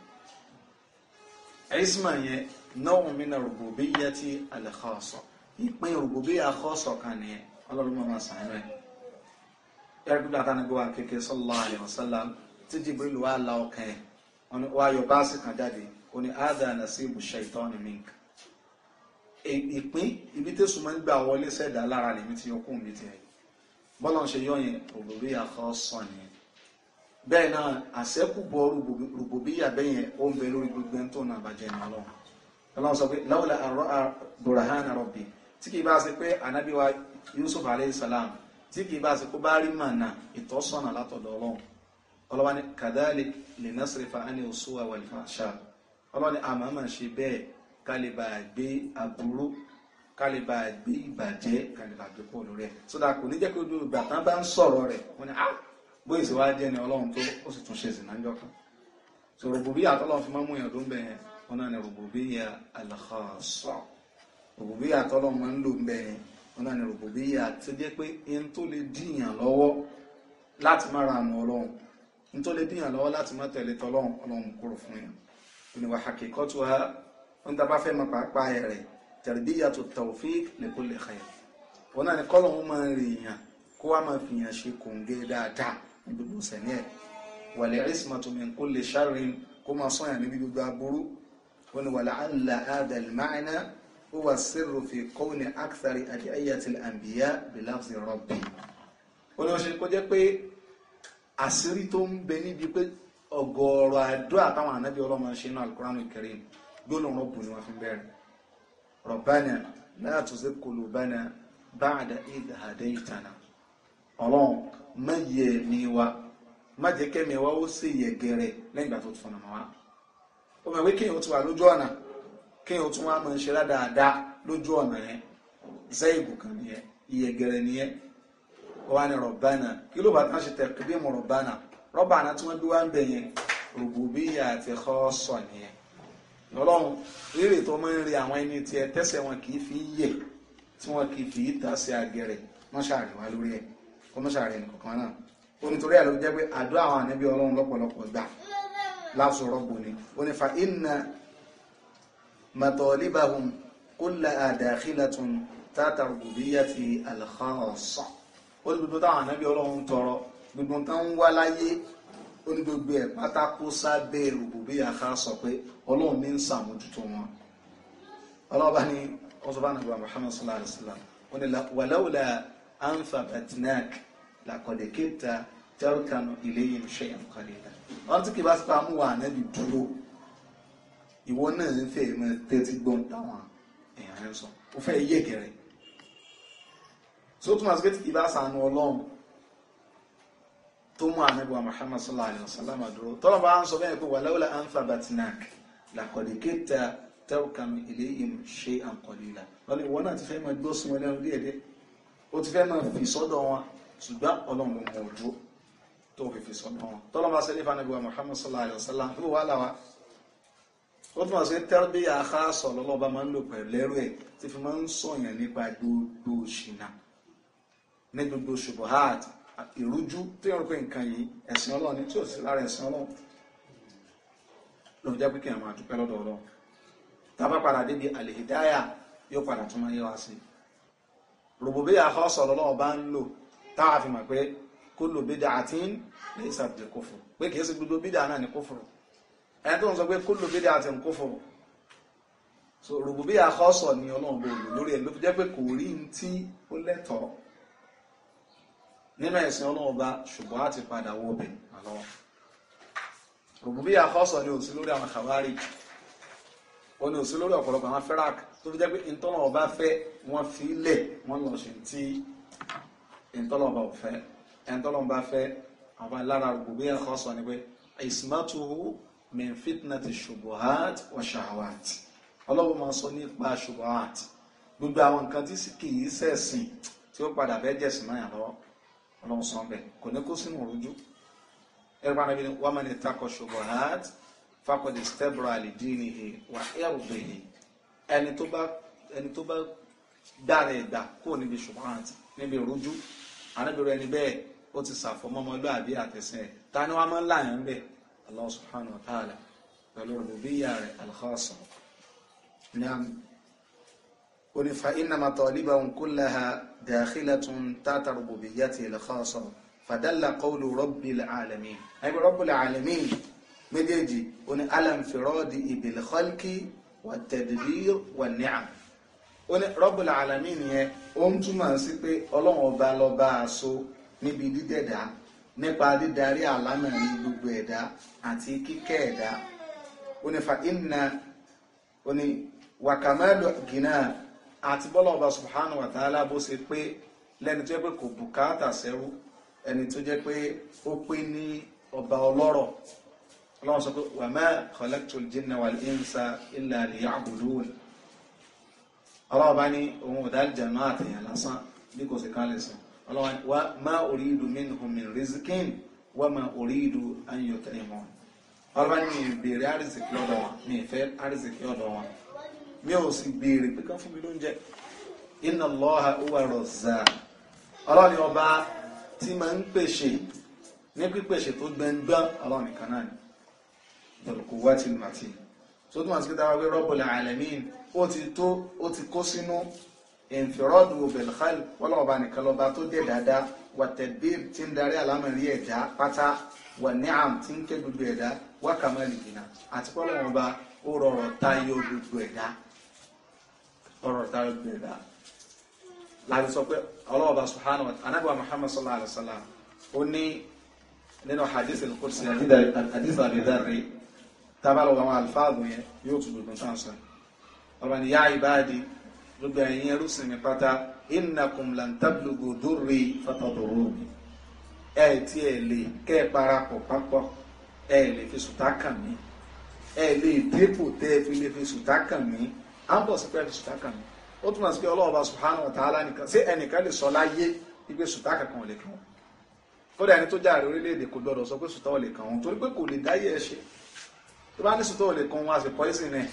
[SPEAKER 1] isma yẹn náà min rububiyyati al-khassa ìpín rububiyyah khassa kan nìyẹn ọlọ́run máa máa sàánú ẹ̀ yàrá gbígbà tá a ní gbé wa kéke sallallahu alaihi wasallam tí Jibril wà la ọkàn ẹ̀ wà yọ báàsì kan jáde ó ní ádà nasibu shaitani mink ìpín ibi tí sùnmọ́ ń gbà wọlé sẹ́dá lára lèmi ti yọkùn mi ti rẹ̀ bọ́lá ń ṣe yọ yẹn rògbòbíyà kan sàn yẹn bẹ́ẹ̀ náà àṣẹ́kùbọ̀ rògbòbíyà bẹ́ẹ̀ ó ń bẹ lórí gbogbo tó náà bàjẹ́ ìmọ̀ ọlọ́run ọlọ́run sọ pé láwùlà àrọ́ burahana rabbi tí kì í bá ṣe pé ànábì yusuf alayhi salam tí kì í bá sèkó bá rí mànà ìtọ́sọ̀nà látọ̀dọ̀ ọlọ́run ọlọ́wà ní kàdáàlì lè ná sèrèfà á ní oṣù wa wàlẹ̀ fàṣà ọlọ́wà ní àmàmà ṣe bẹ́ẹ̀ ká lè bá gbé aburú ká lè bá gbé ìbàjẹ́ ká lè bá gbé pọ̀ lórí ẹ̀ sódà kò ní jẹ́ kó dúró ìgbà tán bá ń sọ̀rọ̀ rẹ̀ wọ́n ní ah bóyá ìṣèwà jẹ́ ni ọlọ́run tó ó sì tún ṣe sì náà ń ọ̀nà ni rògbòbíyà tó jẹ́ pé ẹni tó lè dìyàn lọ́wọ́ láti má ra àánú ọlọ́run ẹni tó lè dìyàn lọ́wọ́ láti má tẹ̀lé tọlọ́run ọlọ́run kúrò fún yàn ìníwà àkẹ́kọ̀ọ́ tó ha ń dábàá fẹ́ máa pàápàá rẹ̀ tẹ̀rẹ̀bíyà tó tawfiq li kulli khair ọ̀nà ni kọ́lọ̀hún máa ń rèèyàn kó wá máa fi yàn ṣe kòǹgé dáadáa ní gbogbo sẹ̀ní ẹ̀ wàlẹ̀ ismatu min kulli sharrin kó máa sọ̀yàn níbi gbogbo aburú ó ní wàlẹ̀ àlà àdàlmáìnà huwa sirru fi kọ́wọ́nì akthari adiyatil anbiya bilafzi rabbi ó ní wọ́n ṣe kó jẹ́ pé àṣírí tó ń bẹ níbi pé ọ̀gọ̀ọ̀rọ̀ àdúrà táwọn ànábì ọlọ́mọ ṣe náà alukuranu karim gbóná rọ́bù ni wọ́n fi bẹ̀rẹ̀ rọ̀bánà la tuzigh qulubana ba'da idh hadaytana ọlọ́run má yẹ ẹ̀mí wa má jẹ́ kẹ́mi wa ó sì yẹ gẹ̀rẹ̀ lẹ́yìn ìgbà tó tún ọ̀nà wa ó mọ̀ pé kéèyàn ó ti wà lójú ọ̀nà kéèyàn tún wá máa ń ṣe dáadáa lójú ọ̀nà yẹn zẹ́ìgù kan nìyẹn ìyẹ̀gẹ̀rẹ̀ nìyẹn wọ́n ní rọ̀bánà kí ló bá tán ṣe tẹ̀kídé mu rọ̀bánà rọ̀bánà tí wọ́n bí wá ń bẹ̀ yẹn rògbòbíyà àti xọ́ọ̀sọ̀ nìyẹn ọlọ́run rírè tó máa ń rí àwọn ẹni tiẹ̀ tẹ́sẹ̀ wọn kì í fi yẹ̀ tí wọn kì í fi ta sí agẹrẹ̀ wọ́n ṣàrẹ̀ wá lórí ẹ̀ kó wọ́n ṣàrẹ̀ nìkan náà onítorí ẹ̀ ló jẹ́ pé àdúrà àwọn ànábì ọlọ́run lọ́pọ̀lọpọ̀ gbà láṣọ rọ́gbò ni ó ìnà مطالبهم كلها داخلة تحت الربوبية الخاصة ó ní gbogbo táwọn ànábì ọlọ́run tọrọ gbogbo táwọn ń wá láyé ó ní gbogbo ẹ̀ pátákó sábẹ́ rububiyya khassa pé ọlọ́run ní ń sàmójútó wọn ọlọ́run bá ní wọ́n sọ bá nàbà Muhammad sallallahu alayhi wa sallam ó ní wàláwùlà anfàbàtìnàk làkọ̀dẹ̀kẹ́ta tẹ́rùkanu ilayhim shay'an qalila wọ́n ti kì bá sọ pé àmúwà ànábì dúró ìwọ náà ń fẹ́ mọ tẹ́tí gbọ́n táwọn èèyàn ń sọ ó fẹ́ yé kẹrẹ so túmọ̀ sí pé ìbá sànù ọlọ́run tó mú ànábì wa Muhammad sallallahu alayhi wa sallam àdúró tọ́lọ̀ bá ń sọ bẹ́ẹ̀ pé wàláwùlà anfa batinak làkọ̀dẹ̀kẹ́ta tẹ́wọ̀kàm ilé im ṣe àǹkọ̀lélà lọ́lẹ̀ ìwọ náà ti fẹ́ máa gbọ́ sún ọlẹ́run díẹ̀díẹ̀ ó ti fẹ́ máa fi sọ́dọ̀ wọn ṣùgbọ́n ọlọ́run mọ̀ ọdún tó fi fi sọ́dọ̀ wọn tọ́lọ̀ bá sẹ́lẹ̀ fanabi wa Muhammad sallallahu alayhi fún wàhálà wa ó túmọ̀ sí tẹ́lbíyà àkáàsọ̀ lọ́lọ́ba máa ń lò pẹ̀lẹ́rù ẹ̀ tí fi máa ń sọ̀yàn nípa gbogbo ṣìnà ní gbogbo ṣubuhat ìrújú tí wọ́n pè nǹkan yìí ẹ̀sìn ọlọ́run ní tí ò sí lára ẹ̀sìn ọlọ́run ló jẹ́ pé kí n máa dúpẹ́ lọ́dọ̀ ọlọ́run tá a bá padà débi àlèhidáyà yóò padà tún máa yé wa sí i rògbòbíyà àkáàsọ̀ lọ́lọ́run bá ń lò tá a fi mọ̀ pé kó lò bídà àti ń lè ṣàbẹ̀kọ̀ fún pé kì í ṣe gbogbo bídà náà ní kófòrò ẹni tó ń sọ pé kúlù bídí àti nǹkó fọ so rògbò bí àkọsọ ni Ọlọ́run bò lò lórí ẹ̀ ló fi jẹ́ pé kò rí ní tí ó lẹ́tọ̀ọ́ nínú ẹ̀sìn Ọlọ́run bá ṣùgbọ́n á ti padà wọ ọbẹ̀ àlọ́wọ́ rògbò bí àkọsọ ni òsì lórí àwọn kàwárì ó ní òsì lórí ọ̀pọ̀lọpọ̀ àwọn fẹ́ràk tó fi jẹ́ pé ìtọ́nà ọba fẹ́ wọ́n fi lẹ̀ wọ́n lọ ṣe tí ìtọ́nà ọba ò fẹ́ ọba fẹ́ àwọn lára rògbò bí àkọsọ ni pé ìsìmọ́tò min fitnati shubuhat wa shahawat ọlọ́run máa sọ nípa shubuhat gbogbo àwọn nǹkan tí kì í ṣẹ̀sìn tí ó padà bẹ́ẹ̀ jẹ̀sìn náà lọ́wọ́ ọlọ́run sọ bẹ́ẹ̀ kò ní kó sínú rújú ẹ̀rọ bá nàbí ni wọ́n máa ní takọ̀ shubuhat fakọ̀dé stẹ́bùrà àlìdínihi wà ẹ̀rùbẹ̀hì ẹni tó bá ẹni tó bá dára ẹ̀dá kó níbi shubuhat níbi rújú ànábìrò ẹni bẹ́ẹ̀ ó ti ṣàfọmọ́mọ́ lóàbí àtẹ̀sìn ẹ̀ ta ni wọ́n máa ń láyàn bẹ́ẹ̀ Allah subhanahu wa ta'ala pẹ̀lú rububiyya rẹ̀ al-khassa nam oni fa inna matalibahum kullaha dakhilatun tata rububiyyati al-khassa fadalla qawlu rabbil alamin ayi rabbil alamin méjèèjì oni alamfiradi bil khalqi wa tadbir wa ni'am ó ní rọ́bùlà àlàmì nìyẹn ó ń túmọ̀ sí pé ọlọ́run ọba lọ́ba àṣọ níbi dídẹ̀dá nípa dídarí àlámẹ̀rí gbogbo ẹ̀dá àti kíkẹ́ ẹ̀dá onífa ìnà oní wàkàmẹ́lò gínà àti bọ́lá ọba subhanahu wa ta'ala bó ṣe pé lẹ́ni tó jẹ́ pé kò bùkátà sẹ́rú ẹni tó jẹ́ pé ó pé ní ọba ọlọ́rọ̀ ọlọ́run sọ pé wa ma khalaqtul jinna wal insa illa liya'budun ọlọ́run bá ní ohun ọ̀dá jẹ̀mọ́ àtẹ̀yàn lásán bí kò sì ká lè ọlọ́wọ́n wa má uridu minhum min rizqin wa má uridu an yut'imun ọlọ́wọ́n mi béèrè àrísìkì ọ̀dọ̀ wọn mi fẹ́ àrísìkì ọ̀dọ̀ wọn mi ò sì béèrè pé ká fún mi lóúnjẹ inna Allaha huwa razzaq ọlọ́ni ọba tí máa ń pèsè ní pípèsè tó gbẹngbẹ́ ọlọ́ni kan náà ni ìdọ̀lùkúwá ti màtí tó túnmọ̀ sí pé dáwà pé Rabbul alamin ó ti tó ó ti kó sínú ìnfìrọ́dù obìnrin wọ́lọ́ọ̀bá nìkan lọ́ba tó dé dáadáa wàtẹ̀bí tí ń darí àlámọ̀rí ẹ̀dá pátá wà ní àm tí ń ké gbogbo ẹ̀dá wákàmọ́ nìgbìnà àti pọ́lọ́ọ̀bá ó rọrọ̀ tayọ gbogbo ẹ̀dá ọ̀rọ̀ tayọ gbogbo ẹ̀dá láti sọ pé ọlọ́ọ̀bá subhanahu wa ta'ala anábìwá muhammad sallallahu alayhi wa sallam ó ní nínú hadith al-kursi hadith abidari tábàlọ́wọ́ àwọn alfáàgùn yẹn yóò tún gbogbo nǹkan sọ gbogbo ẹ̀yin ẹrú sinmi pátá innakum lantablugu durri fatadurruni ẹ tí ẹ lè kẹ́ ẹ parapọ̀ papọ̀ ẹ lè fi sùtá kàn mí ẹ lè dépò tẹ́ ẹ fi lè fi sùtá kàn mí à ń bọ̀ sí pé ẹ fi sùtá kàn mí ó túmọ̀ sí pé Ọlọ́hun bá subhanahu wa ta'ala nìkan ṣé ẹnìkan lè sọ láyé wípé sùtá kankan lè kàn wọ́n kódà ẹni tó jáde orílẹ̀-èdè kò gbọdọ̀ sọ pé sùtá ò kàn wọ́n torí pé kò lè dáyé ẹ ṣe tó bá ní sùtá ò kàn wọ́n àṣepọ̀ ẹ̀sìn náà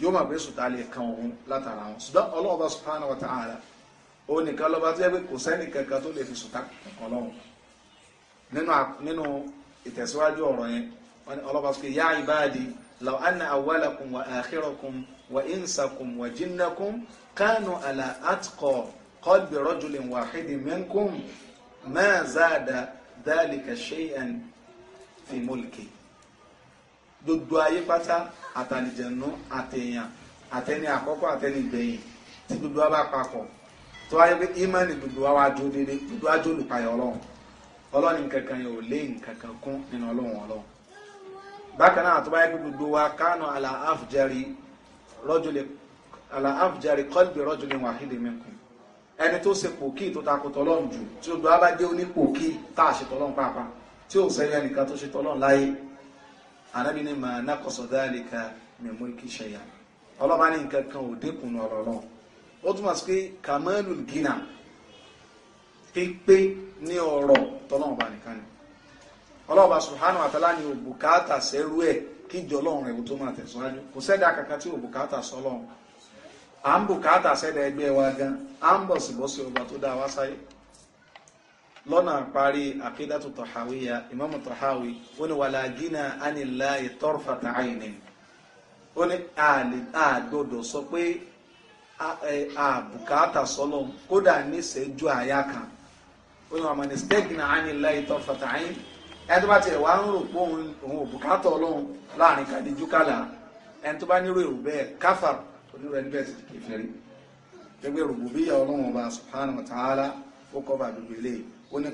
[SPEAKER 1] yóò máa gbé sùtà lè kan òun látara wọn ṣùgbọ́n ọlọ́ọ̀bá subhanahu wa ta'ala òun nìkan lọ́ba tó yẹ pé kò sẹ́ni kankan tó lè fi sùtà kankan lọ́hùn nínú ìtẹ̀síwájú ọ̀rọ̀ yẹn ọlọ́ba sọ pé yá ibadi law anna awwalakum wa akhirakum wa insakum wa jinnakum kanu ala atqa qalbi rajulin wahidin minkum ma zada dhalika shay'an fi mulki gbogbo ayé pátá àtàlìjẹ̀nú àtẹ̀yàn àtẹni àkọ́kọ́ àtẹni ìgbẹ̀yìn tí gbogbo wa bá papọ̀ tó wáyé pé ìmọ̀ni gbogbo wa wá jó dédé gbogbo wa jó olùpayọ̀ ọlọ́run ọlọ́run kankan yẹn ò lé nkankan kún nínú ọlọ́run ọlọ́run bákan náà tó wáyé pé gbogbo wa kánú àlà àfùjẹrì rọ́jòlè àlà àfùjẹrì kọ́lùbì rọ́jòlè wàhídì minkum ẹni tó ṣe pòkì tó ta kò tọ́lọ́run jù tí gbogbo wa bá dé onípòkì tá a ṣe tọ́lọ́run pàápàá tí ò sẹ́yìn ẹnìkan tó ṣe tọ́lọ́run láyé ànábì ní màá nàkọsọ dáàlìkà mẹmú kí ṣẹyà ọlọ́ba ní nǹkan kan ò dẹ́kun náà ó túmọ̀ sí pé kàmẹ́lù ni pípé ní ọ̀rọ̀ tọ́lọ́mọba nìkan ni ọlọ́ba subhanahu wa ni ò bùkátà sẹ́rú ẹ̀ kí ìjọ wa gan lọ́nà parí àkídàtú tọ̀háwíyà ìmáàmù tọ̀háwí ó ní wàlá gínà ánìlá ìtọ́rọ̀fàtà àìní ó ní àgbọ̀dọ̀ sọ pé àbùkátà sọlọ kódà níṣẹ́jú àyà kan ó ní wàmọ̀ ní stẹ́gìnà ánìlá ìtọ́rọ̀fàtà àìní ẹni tó bá tiẹ̀ wá ń rò pé òun òbùkátà ọlọ́run láàrin kàdíjú kàlà ẹni tó bá nírò èrò bẹ́ẹ̀ káfà onírò ẹni bẹ́ẹ̀ ti kẹfẹ́ rí gbẹgbẹ́ oní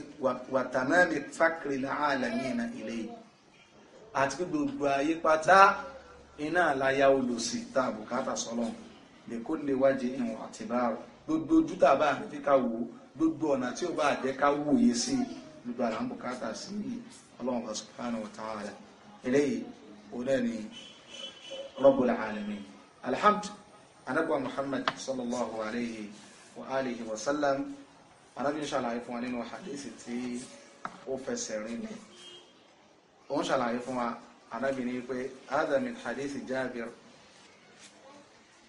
[SPEAKER 1] wàtàmẹ́mì fákìrì láàlàmìnà ilé àti pé gbogbo ayé pátá iná àláyá olùsí tá a bùkátà sọ́lọ̀ lè kó lè wájú ìwọ̀n àti báàrọ̀ gbogbo ojú tàbá àti ká wò ó gbogbo ọ̀nà tí ó bá jẹ́ ká wòye sí gbogbo àlà ń bùkátà sí ọlọ́run bá subhanahu wa ta'ala eléyìí ó náà ni rabbul alamin alhamdu anabu muhammad sallallahu alayhi wa alihi wa sallam arábìnrin ṣàlàyé fún wa nínú hadithi tí ó fẹsẹ̀ rinlẹ̀ òun ṣàlàyé fún wa arábìnrin pé adamin hadithi Jabir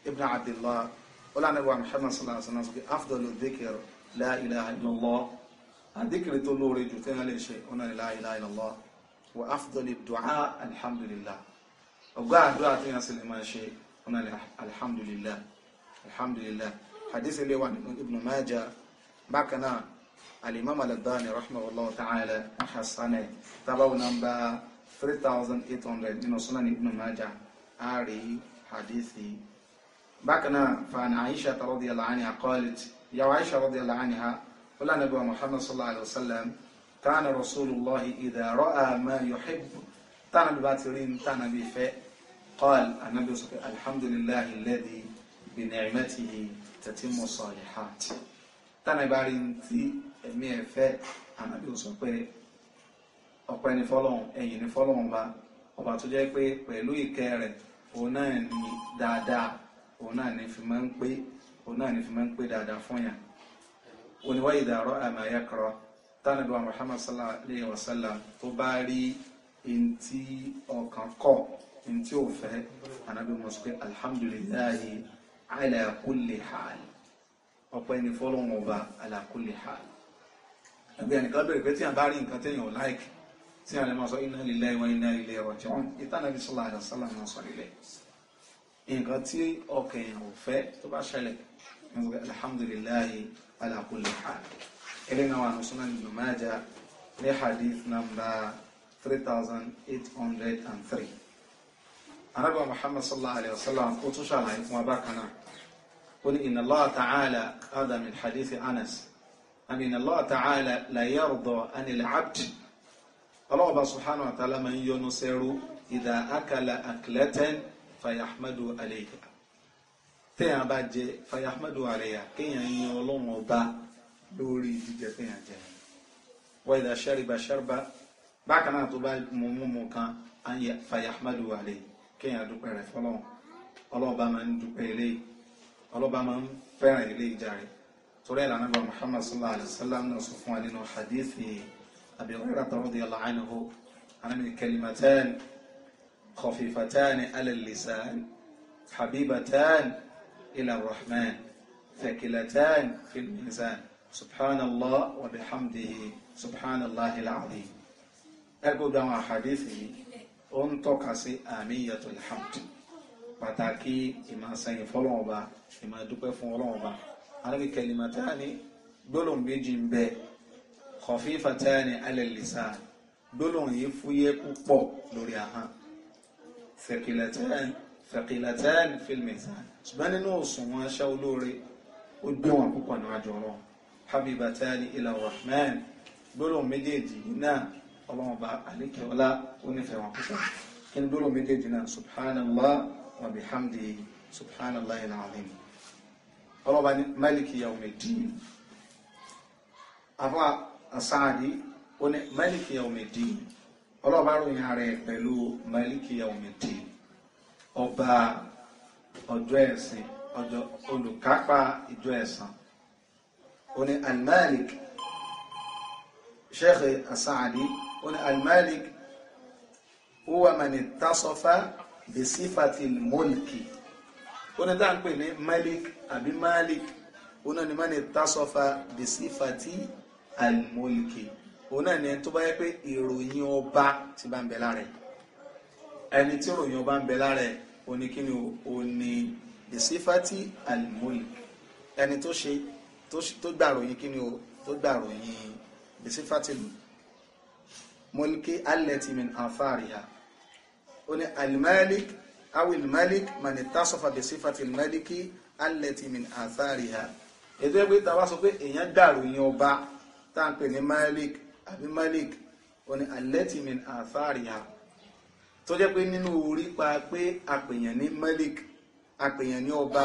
[SPEAKER 1] ibn Abdullah olanabi wa Muhammad sallallahu alaihi wasallam afdalu dhikr la ilaha illallah adikiri tó lóore jù tí wọ́n lè ṣe ọ̀nà la ilaha illallah wa afdalu du'a alhamdulillah ọgá àdúrà tí wọ́n sì lè máa ṣe ọ̀nà alhamdulillah alhamdulillah hadith ilé wa ibn Majah bákan náà alimami aladani rahmatullahi ta'ala hasanẹ tabawo namba three thousand eight hundred nínú sunan ibn majah ari hadithi bákan náà fani aisha radiyallahu anha qalat yàwó aisha radiyallahu anha wọlé anabi wa muhammad sallallahu alayhi wa sallam tánà rasulullahi idha ra'a ma yuhibbu tánà bí bá ti rí ní tánà bí fẹ́ qala anabi sọ pé alladhi bi ni'matihi tatimmu salihati tánà bá rí ti ẹ̀mí ẹ̀ fẹ́ ànábì ò sọ pé ọpẹ́ ni fọ́lọ́run ẹ̀yìn ni fọ́lọ́run bá ọba tó jẹ́ pé pẹ̀lú ìkẹ́ rẹ̀ òun náà ni dáadáa òun náà ni fi máa ń pé òun náà ni fi máa ń pé dáadáa fún yàn oníwá ìdàrọ àmì ayẹkọrọ tánàbí wa Muhammad sallallahu alayhi wa sallam tó bá rí ntí ọkàn kọ ntí òfẹ ànábì sọ pé alhamdulillahi ala kulli hal ọpẹ́ ni fọ́lọ́run ọba ala kulli hal àbí ẹnìkan bẹ̀rẹ̀ pé tí a bá rí nǹkan téèyàn láìkì tí a lè máa sọ inna lillahi wa inna ilayhi raji'un ìtànàbí sọlá àdàsálà náà sọ nílẹ̀ nǹkan tí ọkàn èèyàn ò fẹ́ tó bá ṣẹlẹ̀ alhamdulillahi ala kulli hal eléyìí náà wà ní sunan ibn majah ní hadith nàmbà 3803 arábà muhammad sallallahu alayhi wa sallam tún ṣàlàyé fún wa náà قل إن الله تعالى هذا من حديث أنس أن إن الله تعالى لا يرضى عن العبد الله سبحانه وتعالى من ينصر إذا أكل أكلة فيحمد عليك téèyàn bá jẹ fayahmadu àríyá kéèyàn yin ọlọ́run ọba lórí jíjẹ téèyàn jẹ wẹ́dà ṣẹ́ríba ṣẹ́ríba bákan náà tó bá mú mú mú kan fayahmadu àríyá kéèyàn dúpẹ́ rẹ̀ fọlọ́run ọlọ́ọ̀ba máa ń dúpẹ́ eléyìí ọlọ́ba máa ń fẹ́ràn ilé ìjàre torí ẹ̀ lànà bá muhammad sallallahu alayhi wa sallam náà sọ fún wa nínú hadithi abi hurairah radiyallahu anhu anamini kalimatan khafifatan ala lisan habibatan ila rahman thakilatan fil mizan subhanallah wa bihamdihi subhanallah al-azim ẹ gbọ́dọ̀ àwọn hadithi yìí ó ń tọ́ka sí amiyatul hamd pàtàkì ìmọ̀sẹ̀yìn fọlọ́ọ̀ba ìmọ̀dúpẹ́ fún ọlọ́ọ̀ba alábi kalimatani gbólóhùn méjì ń bẹ khafifatani ala lisan gbólóhùn yìí fúyẹ́ púpọ̀ lórí ahọ́n thaqilatani thaqilatani fil mizan ṣùgbọ́n nínú òṣùwọ̀n aṣá olóore ó gbé wọn púpọ̀ níwájú ọlọ́run habibatani ila rahman gbólóhùn méjèèjì yìí náà ọlọ́run ba àlékè ọlá ó nífẹ̀ẹ́ wọn púpọ̀ kí ni gbólóhùn méjèèjì náà subhanallah wa bihamdi subhanallahi alazim ọlọ́ba ní maliki yawmiddin afa asáàdì ó ní maliki yawmiddin ọlọ́ba ròyìn ara ẹ̀ pẹ̀lú maliki yawmiddin ọba ọjọ́ ẹ̀sìn ọjọ́ olùkápá ìjọ ẹ̀sán ó ní almalik sheikh asáàdì ó ní almalik huwa man ittasafa bisifati mọ́lìkì ó ní tá à ń pè ní malik àbí malik ó náà ní má ní tasọ́fà bisifati almọ́lìkì ó náà ní ẹni tó bá yẹ pé ìròyìn ọba ti bá ń bẹ lára ẹ ẹni tí ìròyìn ọba ń bẹ lára ẹ ó kí ni ó bisifati almọ́lìkì ẹni tó ṣe tó gbà ròyìn kí ni ó tó gbà ròyìn bisifati mọ́lìkì alẹ́tìmín afáríhà ó ní alimalik awil malik mani tasofa bi sifati maliki alẹ́tì min àtàríhà ètò ẹgbẹ́ ta wá sọ pé èèyàn dàrú yín ọba tá à ń pè ní malik àbí malik ó ní alẹ́tì min àtàríhà tó jẹ́ pé nínú orí pa pé àpèyàn ní malik àpèyàn ní ọba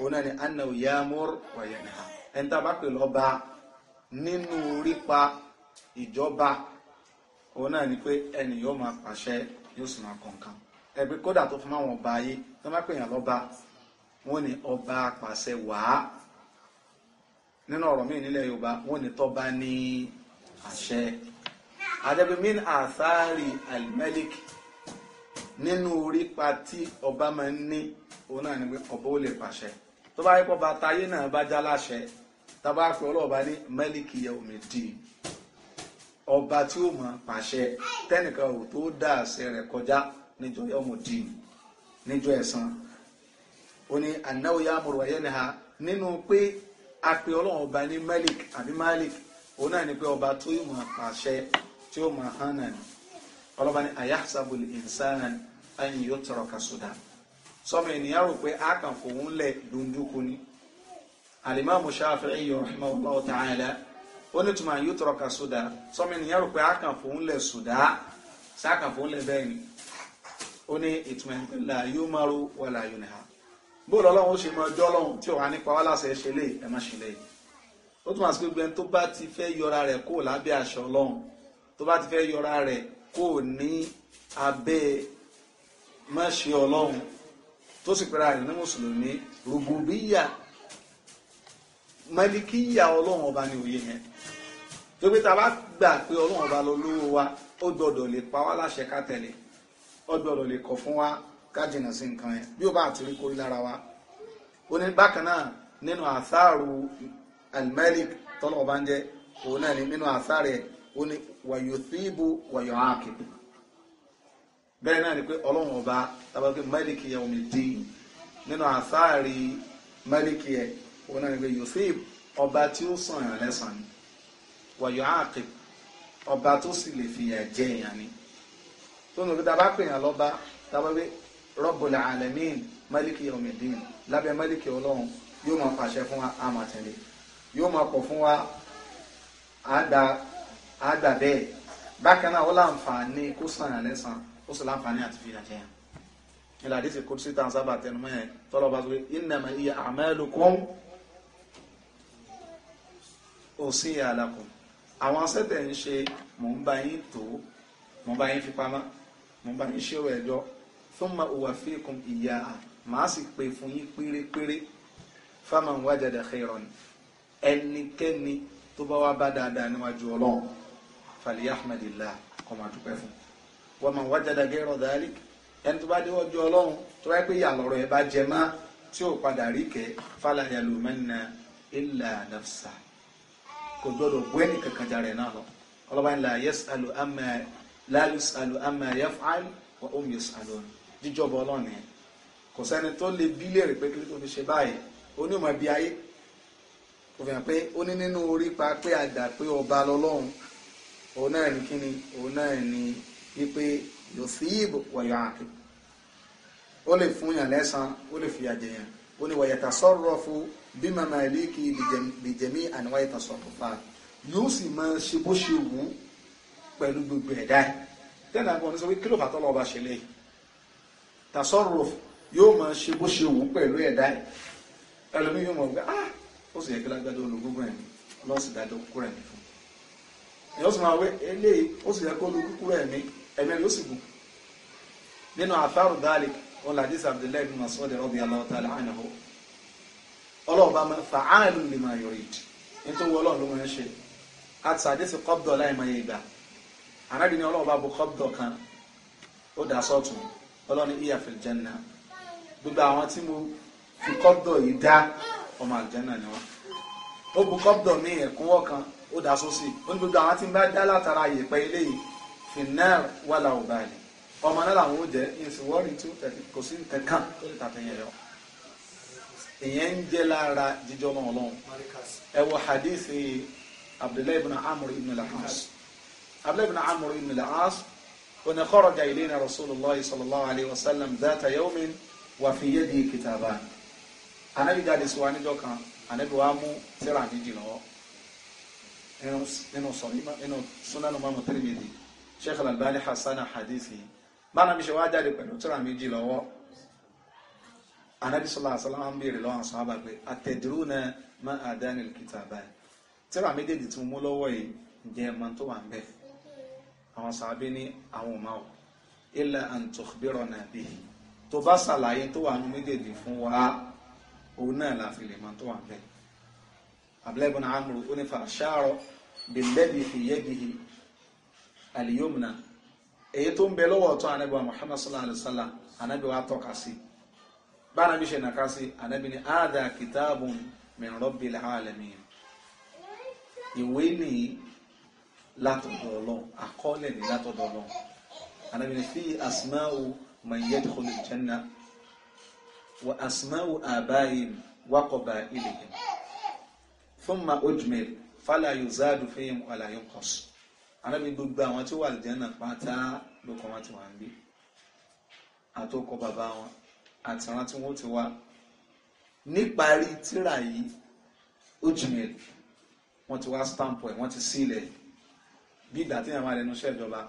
[SPEAKER 1] òun ni anna yamur wayanha ẹni tá a bá pè lọ́ba nínú orí pa ìjọba òun ni pé ẹnì yóò máa pàṣẹ yóò máa kọ nǹkan ẹgbẹ kódà tó fún àwọn ọba ayé tó má pè yàn lọ́ba wọn ni ọba apàṣẹ wàá nínú ọ̀rọ̀ míì nílẹ̀ yorùbá wọn ni tọ́ba ní àṣẹ adébímín alimelik nínú orí pa tí ọba máa ń ní òun ni pé ọba ó lè pàṣẹ tó bá yẹ kó bàtà ayé náà bá já láṣẹ tá a bá pè ní mẹ́líkì yẹ omi ọba tí ó máa pàṣẹ tẹnìkan ò tó dá àṣẹ rẹ̀ kọjá níjọ́ yọmọdì níjọ́ ẹ̀san ó ní anáwó yá amúrò ayé ni ha nínú pé a pe ọlọ́run ọba ní malik àbí malik òun náà ni pé ọba tó yóò máa pàṣẹ tí ó máa hàn ọlọ́ba ní ayahsabul insana an yutraka suda sọmọ ènìyàn rò pé a kàn fòun lẹ̀ dundun kuni alimami Shafi'i rahimahullahu ta'ala ó ní tuma yóò tọrọ ka sódà sọmi nìyẹn rò pé a kàn fòun lẹ sódà sá kàn fòun lẹ bẹ́ẹ̀ ni ó ní ìtumọ̀ ẹni pé là yóò máa ro wà là yóò ní ha bó lọ́lọ́run ó ṣe mọ ọjọ́ lọ́hùn tí òun á nípa wá láṣẹ ṣe lé ẹ má ṣe lé ó túmọ̀ sí pé tó bá ti fẹ́ yọra rẹ̀ kó lábẹ́ aṣọ ọlọ́run tó bá ti fẹ́ yọra rẹ̀ kó ní abẹ́ mọ́ṣẹ́ ọlọ́run tó sì pẹ́ra rẹ̀ ní mùsùlùmí rògbòbíyà mẹ́líkíyà ọlọ́run ọba ni òye yẹn tó pé tá a bá gbà pé ọlọ́run ọba ló lówó wa ó gbọ́dọ̀ lè pa wá láṣẹ ká tẹ̀lé ó gbọ́dọ̀ lè kọ̀ fún wa ká jìnnà sí nǹkan yẹn bí ó bá àti rí kórí lára wa ó ní bákan náà nínú àsáàrù almalik tọ́lọ̀ ọba ń jẹ́ òun náà ní nínú àsáàrù ẹ̀ ó ní wàyò síbò wàyò ákìbì bẹ́ẹ̀ náà ni pé ọlọ́run ọba tàbí malik yawmi ddin nínú àsáàrì malik yẹn òun náà ni pé yusuf ọba tí ó sàn yàn lẹ́sàn ni wàyọ̀ àkè ọba tó sì lè fìyà jẹ èèyàn ni tó nù pé tá a bá pè yàn lọ́ba tá bá pè Rabbul Alamin málìkì yawmiddin lábẹ́ málìkì ọlọ́run yóò máa pàṣẹ fún wa àmà tẹ̀lé yóò máa pọ̀ fún wa àgbà àgbà bẹ́ẹ̀ bákan náà ó láǹfààní kó sàn yàn lẹ́sàn ó sì láǹfààní àti fìyà jẹ yàn. ìlàdí ti kó sí sábà tẹnumọ́ yẹn tọ́lọ́ bá sọ pé innama hiya a'malukum òsíyà alákùn àwọn asẹ́tẹ̀ ń ṣe mò ń bá yín tó mò ń bá yín fi pamọ́ mò ń bá yín ṣírò ẹjọ́ fún ma òwà fíkun ìyá à màá sì pè fún yín pérépéré fáma ń wájà dà xeyrọ ni ẹnikẹ́ni tó bá wá bá dáadáa níwájú ọlọ́run fàlì ahmadillah kó máa fún wa ma wájà dà gẹ́rọ dálí ẹni tó bá déwájú ọlọ́run tó wáyé pé ìyà lọ́rọ̀ ẹ bá jẹ má tí ò padà rí kẹ́ fàlàyé lòmẹ́nà ìlà nàfsà kò gbọdọ̀ bú ẹnì kankan jára ẹ̀ náà lọ ọlọ́ba ńlá alu amma la yusalu amma yaf'al wa hum yusalun jíjọba ọlọ́run yẹn kò sẹ́ni tó lè bí léèrè pé kí ló fi ṣe báyìí onímọ̀ bí ayé kò fi hàn pé ó ní nínú orí pa pé àgbà pé ọba lọ́lọ́run òun náà ní kíni òun náà ní wípé yòsíìbù wọ̀yọ̀ àkè ó lè fún yàn lẹ́san ó lè fìyà jẹyàn ó ní wàyàtà sọ̀rọ̀ fún bí màmá ilé kì í bìjẹ̀mí àníwá ìtàn sọ̀rọ̀ fà yóò sì máa ṣe bó ṣe wù ú pẹ̀lú gbogbo ẹ̀dá ẹ̀ tẹ́lẹ̀ àwọn ọ̀nà sọ pé kí ló fà tọ́lọ́ ọba ṣẹlẹ̀ yìí e? tàṣọ́rọ̀ yóò máa ṣe bó ṣe wù ú pẹ̀lú ẹ̀dá ẹ̀ ẹlòmíì yóò mọ̀ gbé ah ó sì yẹ kí lágbádá olùgbogbo ẹ̀ lọ́sì dájọ́ kúrò ẹ̀mí fún un yóò sì máa wé eléyìí ó sì yẹ kó olùkúkúrò ẹ̀mí ẹ̀mí rẹ̀ yóò sì gùn nínú àtàrù wọn là dísà abdullahi bin masoud radiyallahu ta'ala anhu ọlọ́ọ̀bá máa fa'alu lima yurid nítorí wọ́n ọlọ́run ló máa ń ṣe àti sàdísì kọ́bdọ̀ láì máa yẹ gbà ànábì ní ọlọ́ọ̀bá bu kọ́bdọ̀ kan ó dà sọ́tún ọlọ́ni iya fil janna gbogbo àwọn tí mo fi kọ́bdọ̀ yìí dá ọmọ àlùjẹ́nà ni wọ́n ó bu kọ́bdọ̀ mi ẹ̀kúnwọ́ kan ó dà sósì ó ní gbogbo àwọn tí ń bá dá látara yèpẹ́ ilé yìí finnar wàlà òbáàlì ọmọ náà làwọn ò jẹ ìsìnwọ́rì tó tẹ̀lé kò sí kankan tó lè tàbí yẹn yọ ìyẹn ń jẹ́ lára jíjọ́ náà lọ́wọ́ ẹ wọ hadithi abdullahi ibn amr ibn al-as abdullahi ibn amr ibn al-as oní kharaja ilayna rasulillah sallallahu alayhi wa sallam dhata yawmin wa fi yadihi kitaban anabi jáde sí wa níjọ́ kan anabi wa mú tírà méjì lọ́wọ́ nínú sọ̀rọ̀ nínú sunan mọ́mọ́ Tirmidhi sheikh al-albani hasana hadithi bánabi ṣe wá jáde pẹ̀lú tíra méjì lọ́wọ́ anabi sọlá àṣàlá máa ń béèrè lọ́wọ́ àwọn sábà pé àtẹ̀dúró náà má àdánil kìtà báyìí tíra méjèèjì tí mo mú lọ́wọ́ yìí ǹjẹ́ ẹ̀ máa tó wà ń bẹ̀ àwọn sábà ní àwọn ò máa wọ̀ ilà àǹtọ̀bírọ̀ náà bí tó bá ṣàlàyé tó wà nú méjèèjì fún wa òun náà la fi lè máa tó wà ń bẹ̀ abúlẹ́bùn amúrú onífà ṣáàrọ̀ bìlẹ́bì fìyẹ́bì àlìyómìnà èyí tó ń bẹ lọ́wọ́ ọ̀tún anabi wa muhammad sallallahu alayhi wa sallam anabi wa tọ́ka sí bá anabi ṣe nàka sí anabi ni ada kitabun min rabbil alamin ìwé nìyí látọ̀dọ̀ ọlọ́run àkọọ́lẹ̀ ní látọ̀dọ̀ ọlọ́run anabi ni fi asma'u man yadkhulu janna wa asma'u abaihim wa qabailihim thumma ujmil fala yuzadu fihim wala yunqas arábí gbogbo àwọn tí ó wà lìjẹ́ náà pátá ló kọ́ wọn ti wà ń bí àtọkọ bàbá wọn àti àwọn tí wọn ti wá níparí tíra yìí ó jìnnà wọn ti wá stamp ẹ wọn ti sílẹ̀ bí ìgbà tí ìyàwó àdẹnu ṣèjọba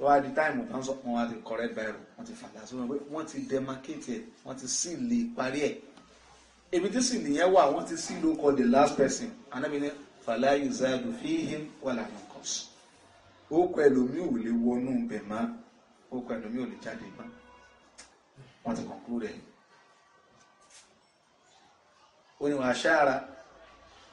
[SPEAKER 1] tó wá di táìmù tó ń sọ wọn wá di correct biro wọn ti fàdà sórí pé wọn ti demarcate ẹ wọn ti sílè parí ẹ ebi tí sì nìyẹn wà wọn ti sílò call the last person anábìíní fàlàyé zaidu fíhìm wàlàyé kọ́sù ó kọ ẹlòmíì ò lè wọnú bẹ̀ mọ́ ó kọ ẹlòmíì ò lè jáde mọ́ wọ́n ti kọ̀ǹkú rẹ̀ ó ní wàá ṣáàrà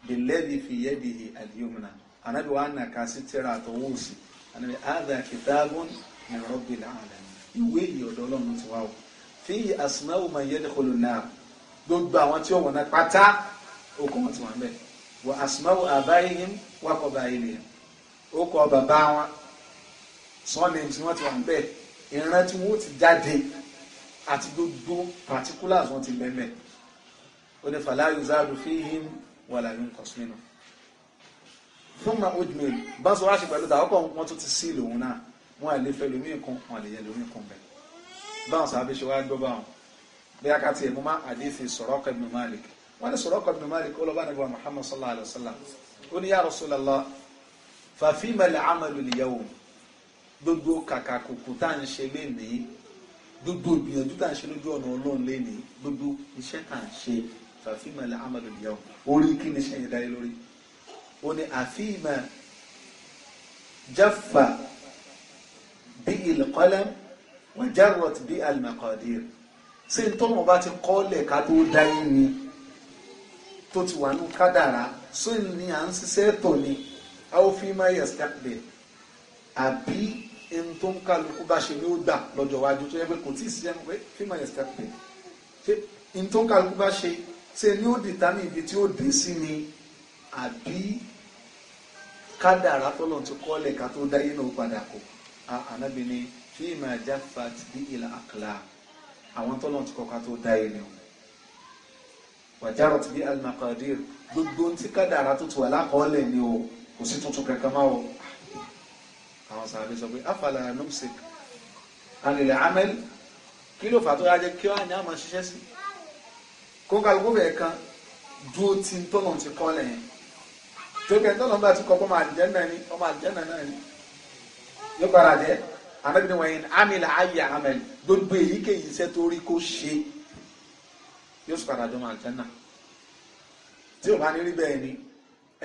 [SPEAKER 1] bìlẹ́dì fìyẹ́dì àdìyọ́mùnà ànábì wàá nà ká sí tẹ́ra àtọwọ́ òsì ànábì àdà kìtàbùn min rabbil alamin ìwé yìí ọ̀dọ̀ ọlọ́run ti wá o fi asmaa'u man yadkhulu an-nar gbogbo àwọn tí ó wọ̀n pátá okùn wọn ti wà ń bẹ̀ wọ asmaa'u abaihim wa qabailihim ó kọ bàbá wọn sọ́ọ̀nẹ́mù tí wọ́n ti wà ń bẹ̀ ìran tí wọ́n ti jáde àti gbogbo particulars wọn ti bẹ̀mẹ̀ ó ní fàlàyé záàdù fíhìm wà láyé ń kọ̀sùn nínú fún ma ojúmọ̀ bá sọ wá ṣe pẹ̀lú dàwọ́kọ̀ wọn tún ti sí lòun náà wọn à lè fẹ́ lómi nǹkan wọn à lè yẹ lómi nǹkan bẹ̀ báwọn sábẹ́ ṣe wá gbọ́ báwọn bí a ká mú má àdéfì Suraqa ibn Malik wọn ní Suraqa ibn Malik ó lọ bá nígbà Muhammad sallallahu alayhi wa sallam ó ní ya Rasulullah fàfíìmẹ̀lẹ̀ amẹ́lú nìyẹ̀wò gbogbo kàkà kòkò tá à ń ṣe lénìí gbogbo ìgbìyànjú tá à ń ṣe lójú ọ̀nà ọlọ́run lénìí gbogbo iṣẹ́ tá à ń ṣe fàfíìmẹ̀lẹ̀ amẹ́lú nìyẹ̀wò orí kí ni iṣẹ́ yẹn dáyé lórí ó ní àfíìmẹ̀ jẹ́fà bí ìlẹ̀kọ́lẹ̀ wọ́n jẹ́rọ̀t bí àlùmọ̀kọ́dìr ṣé n tọ́mọ̀ bá ti kọ́lẹ̀ ká tó dáyé ni tó ti wà ní kádàrá ṣé ni à ń ṣiṣẹ́ tò ni aw fi ma yastaqbil àbí ẹni tó ń kálukú bá ṣe ni ó gbà lọ́jọ́ iwájú tó yẹ pé kò tí ì ṣiṣẹ́ pé fi ma yastaqbil ṣe ẹni tó ń kálukú bá ṣe ṣe ni ó dìtà ní ibi tí ó dé sí ni àbí kádàrá tọ́lọ̀ tó kọ́ lẹ̀ ká tó dáyé náà padà kó ànábì ni fi ma jaffat bí ìlà àkàlà àwọn o wàjárọ̀ ti bí gbogbo ti kádàrá tó tù wà lákọ́ọ́lẹ̀ ni o kò sí tuntun kankan máa wọ àwọn sàbẹ sọ pé afala numsik anilẹ̀ amẹ́lì kí ló fà tó yájẹ́ kí wọ́n á ní àmọ́ ṣiṣẹ́ sí kó kálukú kan dúró tí ń tọ́nà ti kọ́ lẹ́yìn tó kẹ́ tọ́nà bá ti kọ́ pọ́ máa jẹ́ náà ni ọmọ àjẹ́ náà náà ni yóò padà jẹ́ anábìíní wọ̀nyí amílà ayé amẹ́lì gbogbo èyíkéyìí iṣẹ́ tó rí kó ṣe yóò sì padà jọ máa jẹ́ náà tí ò bá ní rí bẹ́ẹ̀ ni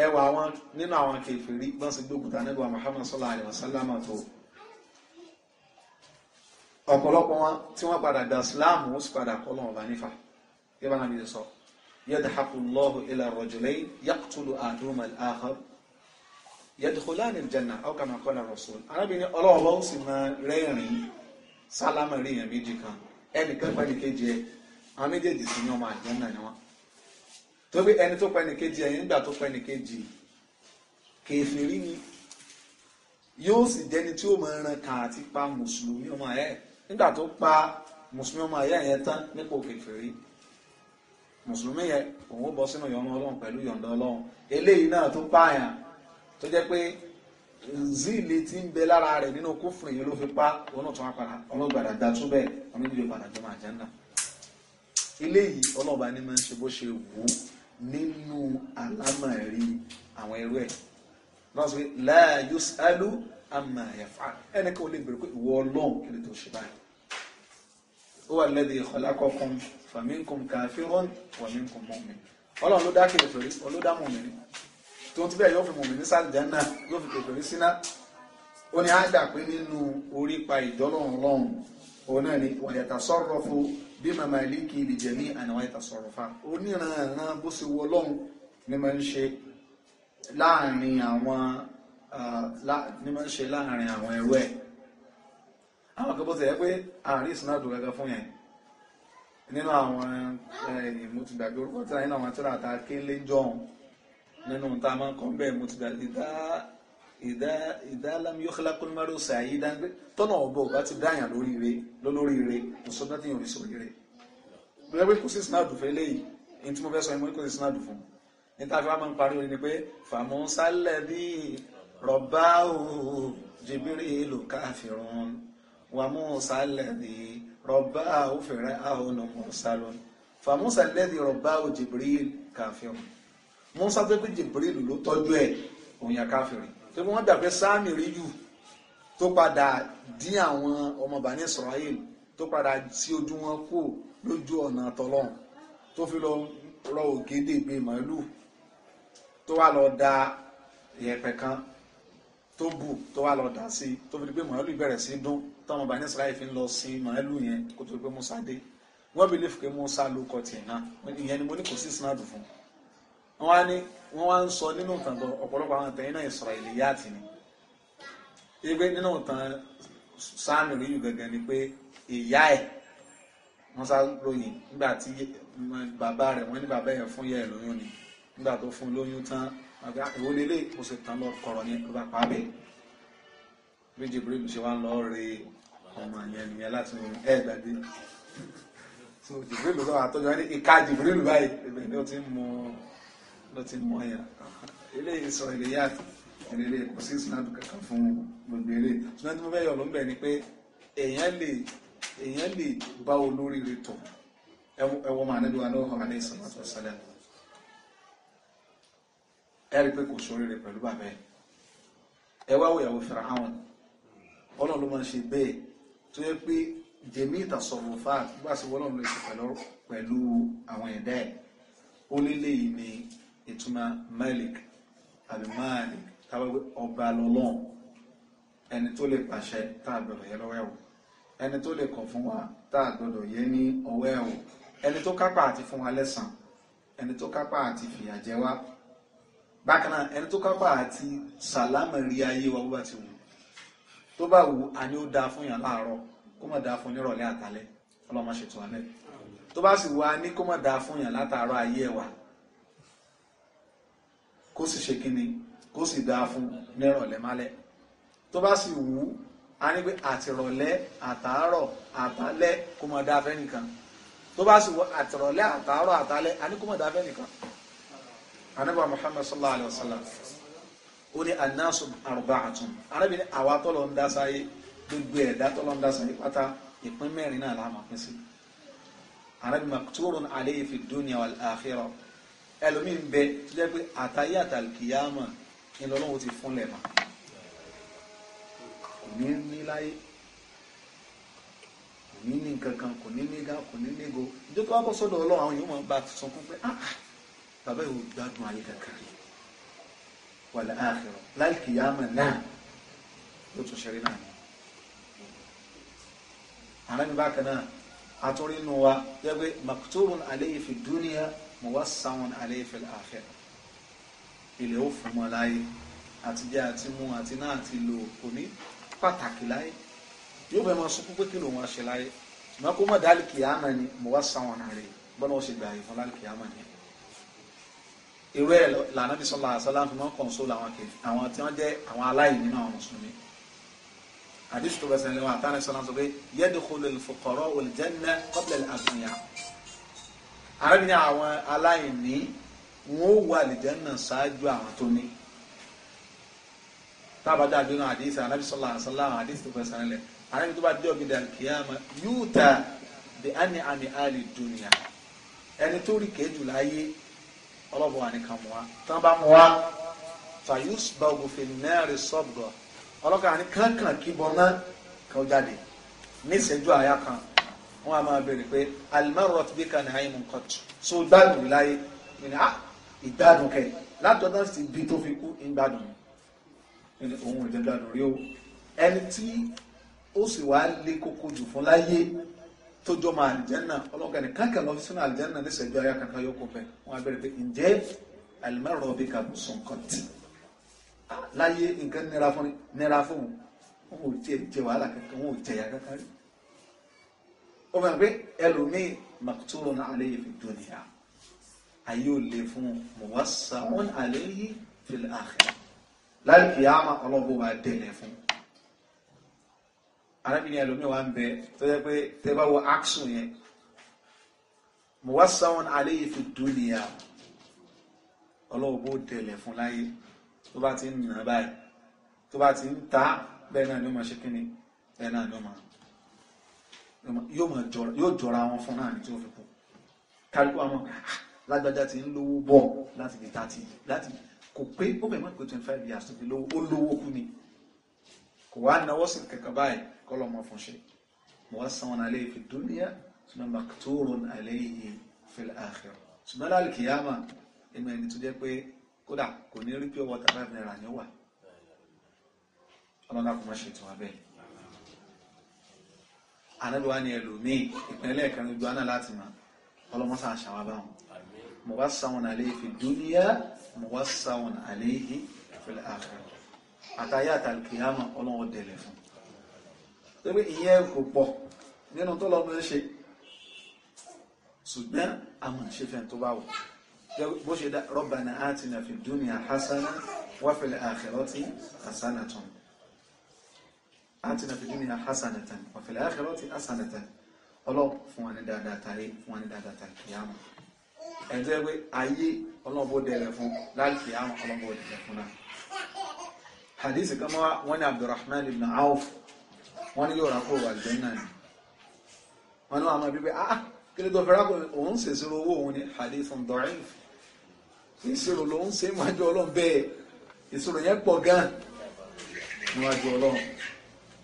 [SPEAKER 1] ẹwà àwọn nínú àwọn kèfèrí bọ́n sì gbógun tánẹ́bù Muhammad sallallahu alaihi wasallam tó ọ̀pọ̀lọpọ̀ wọn tí wọ́n padà gba Islam ó sì padà kọ́ lọ́wọ́ bá nífà yóò bá nàbí sọ yadhaku Allahu ila rajulayn yaqtulu ahaduhuma al-akhar yadkhulani al-janna aw kama qala ar arábìnrin ọlọ́wọ́ ó sì máa rẹ́rìn sálámà rí èèyàn méjì kan ẹnìkan pẹ́ẹ́nì kejì ẹ àwọn méjèèjì sì ní ọmọ àjẹ́nà ni wọ́n tó pé ẹni tó pa ẹnìkejì ẹ̀yìn nígbà tó pa ẹnìkejì kèfèrí ni yóò sì jẹ́ni tí ó máa ran kan àti pa mùsùlùmí ọmọ ẹ̀ nígbà tó pa mùsùlùmí ọmọ yẹn tán nípò kèfèrí mùsùlùmí yẹn òun ó sínú yọ̀nà ọlọ́run eléyìí náà tó pààyàn tó pé ti ń bẹ lára nínú ló fi pa òun náà nínú àlámọ̀rí àwọn ẹrú ẹ̀ lọ́wọ́ sọ pé láàyò sálú àmà ẹ̀fà ẹnìkan ò lè bèrè pé ìwọ ọlọ́run kí ló tó ṣe báyìí ó wà lẹ́dí khalaqakum faminkum kafirun wa minkum mu'min ọlọ́run ló dá kèfèrí olódà mọ̀mìnì tó ń ti bẹ́ẹ̀ yóò fi mọ̀mìnì sàlìjá náà yóò fi kèfèrí síná ó ní àgbà pé nínú orí pa ìjọ́lọ́run lọ́run òun náà ni wa yatasarrafu bí màmá ilé kí ibi jẹ ní àwọn ìtàsọ̀rọ̀fà oníranran bó ṣe wọ ọlọ́run ni máa ń ṣe láàrin àwọn ni máa ń ṣe láàrin àwọn ẹrú ẹ̀ àwọn kan bó ṣe yẹ pé àárín ìsúná dùn gẹ́gẹ́ fún yẹn nínú àwọn mo ti gbàgbé orúkọ tí a nínú àwọn tí a ta kélé jọ̀hún nínú tá máa ń kọ́ bẹ́ẹ̀ mo ti gbàgbé dáa ìdálàmú yóò xẹ́lá kó nímọ̀rọ̀ sàyí dáńgbé tọ́nà ọ̀bọ̀ bá ti dáyàn lórí ire lólórí ire mùsùlùmí tí yóò rí sórí ire. bẹ́ẹ̀ bí kò sí sinadu fẹ́ léyìí ní tí mo fẹ́ sọ yẹn mo ní kò sí sinadu fún ní tá a fi wá máa ń parí ni pé fàmù sálẹ̀ bíi rọ̀bá o jìbìrì èlò káfíràn wàmú sálẹ̀ bíi rọ̀bá o fẹ̀rẹ̀ àwọn ọmọ sálọ̀ fàmù sálẹ̀ bíi rọ̀bá pé wọ́n gbà pé sáàmì ríjù tó padà dín àwọn ọmọ Bani Israel tó padà sí ojú wọn kú lójú ọ̀nà tọlọ́run tó fi lọ rọ ògèdè gbé màálù tó wá lọ da yẹ̀pẹ̀ kan tó bù tó wá lọ dà sí tó fi di pé màálù bẹ̀rẹ̀ sí dún tọmọ Bani Israel fi ń lọ sí màálù yẹn kó tó di pé Musa dé wọ́n bí lè fi pé Musa ló kọ tiẹ̀ náà ìyẹn ni mo ní kò sí sinadu fún un wọ́n á ní wọ́n wá ń sọ nínú ìtàn tó ọ̀pọ̀lọpọ̀ àwọn ìtàn iná Israiliyati ni ebe nínú ìtàn sáàmì ríyù gẹ́gẹ́ ni pé ìyá ẹ̀ wọ́n sá lóyìn nígbà tí bàbá rẹ̀ wọ́n ní bàbá yẹn fún yẹ́ ẹ̀ lóyún ni nígbà tó fún lóyún tán ìwọ lélẹ̀ mo sì tán lọ kọ̀rọ̀ yẹn ló bá pa á bẹ̀ bí Jibril ṣe wá ń lọ re ọmọ yẹn nìyẹn láti mú ẹ gbàgbé so Jibril ló sọ àtọ́jú wọn ní ìka Jibril báyìí ẹgbẹ́ ni ó ti ń mú un lọ́tí mọ́ ya ilé ìsọ ilé yá ìrere kò sí ìsìnàdù kankan fún gbogbo eré ṣùgbọ́n tí mo fẹ́ e ló ń bẹ̀ ni pé èèyàn lè èèyàn lè bá olóríire tọ̀ ẹwọ́ màá nílùú alóhùn alẹ́ ìsọ̀tọ̀ sẹ́lẹ̀ ẹ rí i pé kò sóríire pẹ̀lú bàbá ẹ ẹ wá wòyàwó fẹ́ra àwọn ọlọ́run ló máa ń ṣe bẹ́ẹ̀ tó yẹ pé jẹ̀mí ìtàsọ̀rọ̀ fáà gbàsíwọ́lọ́run lè ṣe pẹ̀lú àwọn ẹ̀dá ẹ̀ ó lélẹ́yìn ni ituma malik àbí malik tàbí ọba lọ́lọ́n ẹni tó lè pàṣẹ tá a gbọdọ̀ yẹ lọ́wọ́ ẹ̀wọ̀ ẹni tó lè kọ̀ fún wa tá a gbọdọ̀ yẹ ní ọwọ́ ẹ̀wọ̀ ẹni tó kápá àti fún wa lẹ́san ẹni tó kápá àti fìyà jẹ wá bákan náà ẹni tó kápá àti sàlámà rí ayé wa wúwa ti wù tó bá wù á ní ó dáa fún yàn láàárọ̀ kó má dáa fún nírọ̀lẹ́ àtàlẹ́ ọlọ́mọ ṣètò alẹ́ tó bá sì wù á ní kó má dáa fún yàn látàárọ̀ ayé ẹ̀ kó sì ṣe kíni kó sì dáa fún nírọ̀lẹ́ málẹ̀ tó bá sì wù ú a ní pé àtìrọ̀lẹ́ àtàárọ̀ àtàlẹ́ kó mọ̀ dáa fẹ́ nìkan tó bá sì wù àtìrọ̀lẹ́ àtàárọ̀ àtàlẹ́ a ní kó mọ̀ dáa fẹ́ nìkan anábà Muhammad sallallahu alayhi wa sallam ó ní anásùn arba'atun arábìnrin àwa tọ́lọ̀ ń dá sáyé gbogbo ẹ̀dá tọ́lọ́ ń dá sáyé pátá ìpín mẹ́rin náà láàmú pín sí arábìnrin makturun alayhi fi dunya wal akhirah ẹlòmíì ń bẹ tó jẹ́ pé àtàyè àtàlùkìyàmà ni lọ́lọ́run ti fúnlẹ̀ mà kò ní ní láyé kò ní ní nǹkan kan kò ní ní ga kò ní ní go ìjọ tó wá bọ́ sọ́dọ̀ ọlọ́run àwọn yòó máa bá ti sọkún pé ah bàbá yóò gbádùn ayé kankan wàlẹ̀ àkẹrọ lálùkìyàmà náà ló tún ṣeré náà ni àrẹ́mi bákan náà àtúrí wa jẹ́ pé makturun alayhi fi dúníyà muwassaun alayhi fil akhirah ilẹ̀ ó fún wọn láyé àti jẹ́ àti mú àti náà àti lò kò ní pàtàkì láyé yóò bẹ́ẹ̀ máa sunkún pé kí lòun á ṣe láyé ṣùgbọ́n kó mọ̀ dálì kìámà ni muwassaun alayhi bọ́lá wọn ṣe gbà yìí fún dálì kìámà ni irú ẹ̀ lànà bí sọ́lá àṣálà fi máa ń kọ̀ǹsólà àwọn kejì àwọn tí wọ́n jẹ́ àwọn aláìní nínú àwọn mùsùlùmí àdìsù tó lẹ́wọ̀n àtàlẹ́sọ̀lá àrẹ́bí ní àwọn aláìní wọn ó wọ àlìjẹ́nà ṣáájú àwọn tó ní tábàdá àdúrà àdìsí àrẹ́bí sọlá àṣálà àdìsí tó fẹ́ sàn lẹ̀ àrẹ́bí tó bá dé ọ̀gbìn dàkíyàmà yóò ta bí àní àmì àlè dùnìyà ẹni tó rí kéjù láyé ọlọ́bọ̀ wà ní kan mọ́ wa tán bá mọ́ wa fayus bọ́ọ̀gù fìnnẹ́rì sọ́ọ̀bù ọlọ́kàn àní kankan kíbọn náà kan ní ìṣẹ́jú àyà kan wọn a máa bèrè pé alimarot bí kan náà ìmú nǹkan tù so gbádùn láyé ìní à ah, ìgbádùn kẹ látọ̀dọ̀ sí bí tó fi kú ìgbádùn ìní òun ìjẹ́ gbádùn rí o ẹni tí ó sì wá lé kókó jù fún láyé tó jọ máa àlìjẹ́nà ọlọ́gàní kankan lọ sínú àlìjẹ́nà níṣẹ́jú ayá kankan yóò kó bẹ́ẹ̀ wọn a bèrè pé ǹjẹ́ alimarot bí kan sùn kan ah, láyé nǹkan nira fún nira fún òun òun ò tiẹ̀ jẹ wàhálà kankan òun ò jẹyà kankan rí ó fẹ́ pé ẹlòmíì makturun alayhi fi dunya ayé ò lè fún muwassaun alayhi fil akhirah láì kì í àmà ọlọ́gbọ́n bá délẹ̀ fún arábìnrin ẹlòmíì wà ń bẹ tó yẹ pé tẹ bá wọ action yẹn muwassaun alayhi fi dunya ọlọ́gbọ́n bó délẹ̀ fún láyé tó bá ti ń nà báyìí tó bá ti ń ta bẹ́ẹ̀ náà ló máa ṣe kí ni bẹ́ẹ̀ náà ló máa yóò jọra wọn fún náà tí ó fi kú kálukú àwọn ah, lágbájá ti ń lówó bọ̀ láti di thirty láti kò pé ó bẹ̀ mọ́ pé twenty five years tó fi lówó ó lówó kú ni kò wá náwó sí kankan báyìí kọ́ lọ́mọ fún ṣe mo wá sanwó náà léyìí fi dúnìyà ṣùgbọ́n màkútóró náà léyìí fi àkhírà ṣùgbọ́n lálùkìyàmà ìmọ̀ ẹni tó jẹ́ pé kódà kò ní rí pure water five naira ní wà ọlọ́dà kò má ṣe tó wa àdàlùwà ni ẹlòmíì ìpínlẹ̀ kan gbogbo àná láti mọ̀ ọlọ́mọsá àṣàwà báwọn muwasawun alayhi fi dúníyà muwasawun alayhi fil akhirah àtàyà àtàlùkìyàmà ọlọ́wọ́ dẹ̀lẹ̀ fún torí ìyẹn kò pọ̀ nínú tó lọ́mọ ṣe ṣùgbọ́n àmọ̀ ṣe fẹ́ tó bá wù bó ṣe dá rabbana atina fid dunya hasana wa fil akhirati hasanatan atina fi dunya hasanatan wa fil akhirati hasanatan ọlọ́run fún wa ní dáadáa tayé fún wa ní dáadáa tayé kìyàmù ẹ̀jẹ̀ pé ayé ọlọ́run bó dẹ̀rẹ̀ fún láti kìyàmù ọlọ́run bó dẹ̀rẹ̀ fún náà hadisi kama wọn ni abdulrahman ibn auf wọn ni yóò rà kó wà lẹ́yìn náà ni wọn ni wọn máa bí pé ah, ah kí ni tó fẹ́ rákò òun ṣe ìṣirò owó òun ni hadisi da'if ìṣirò ló ń ṣe níwájú ọlọ́run bẹ́ẹ̀ ìṣirò yẹn pọ̀ gan níwájú ọlọ́run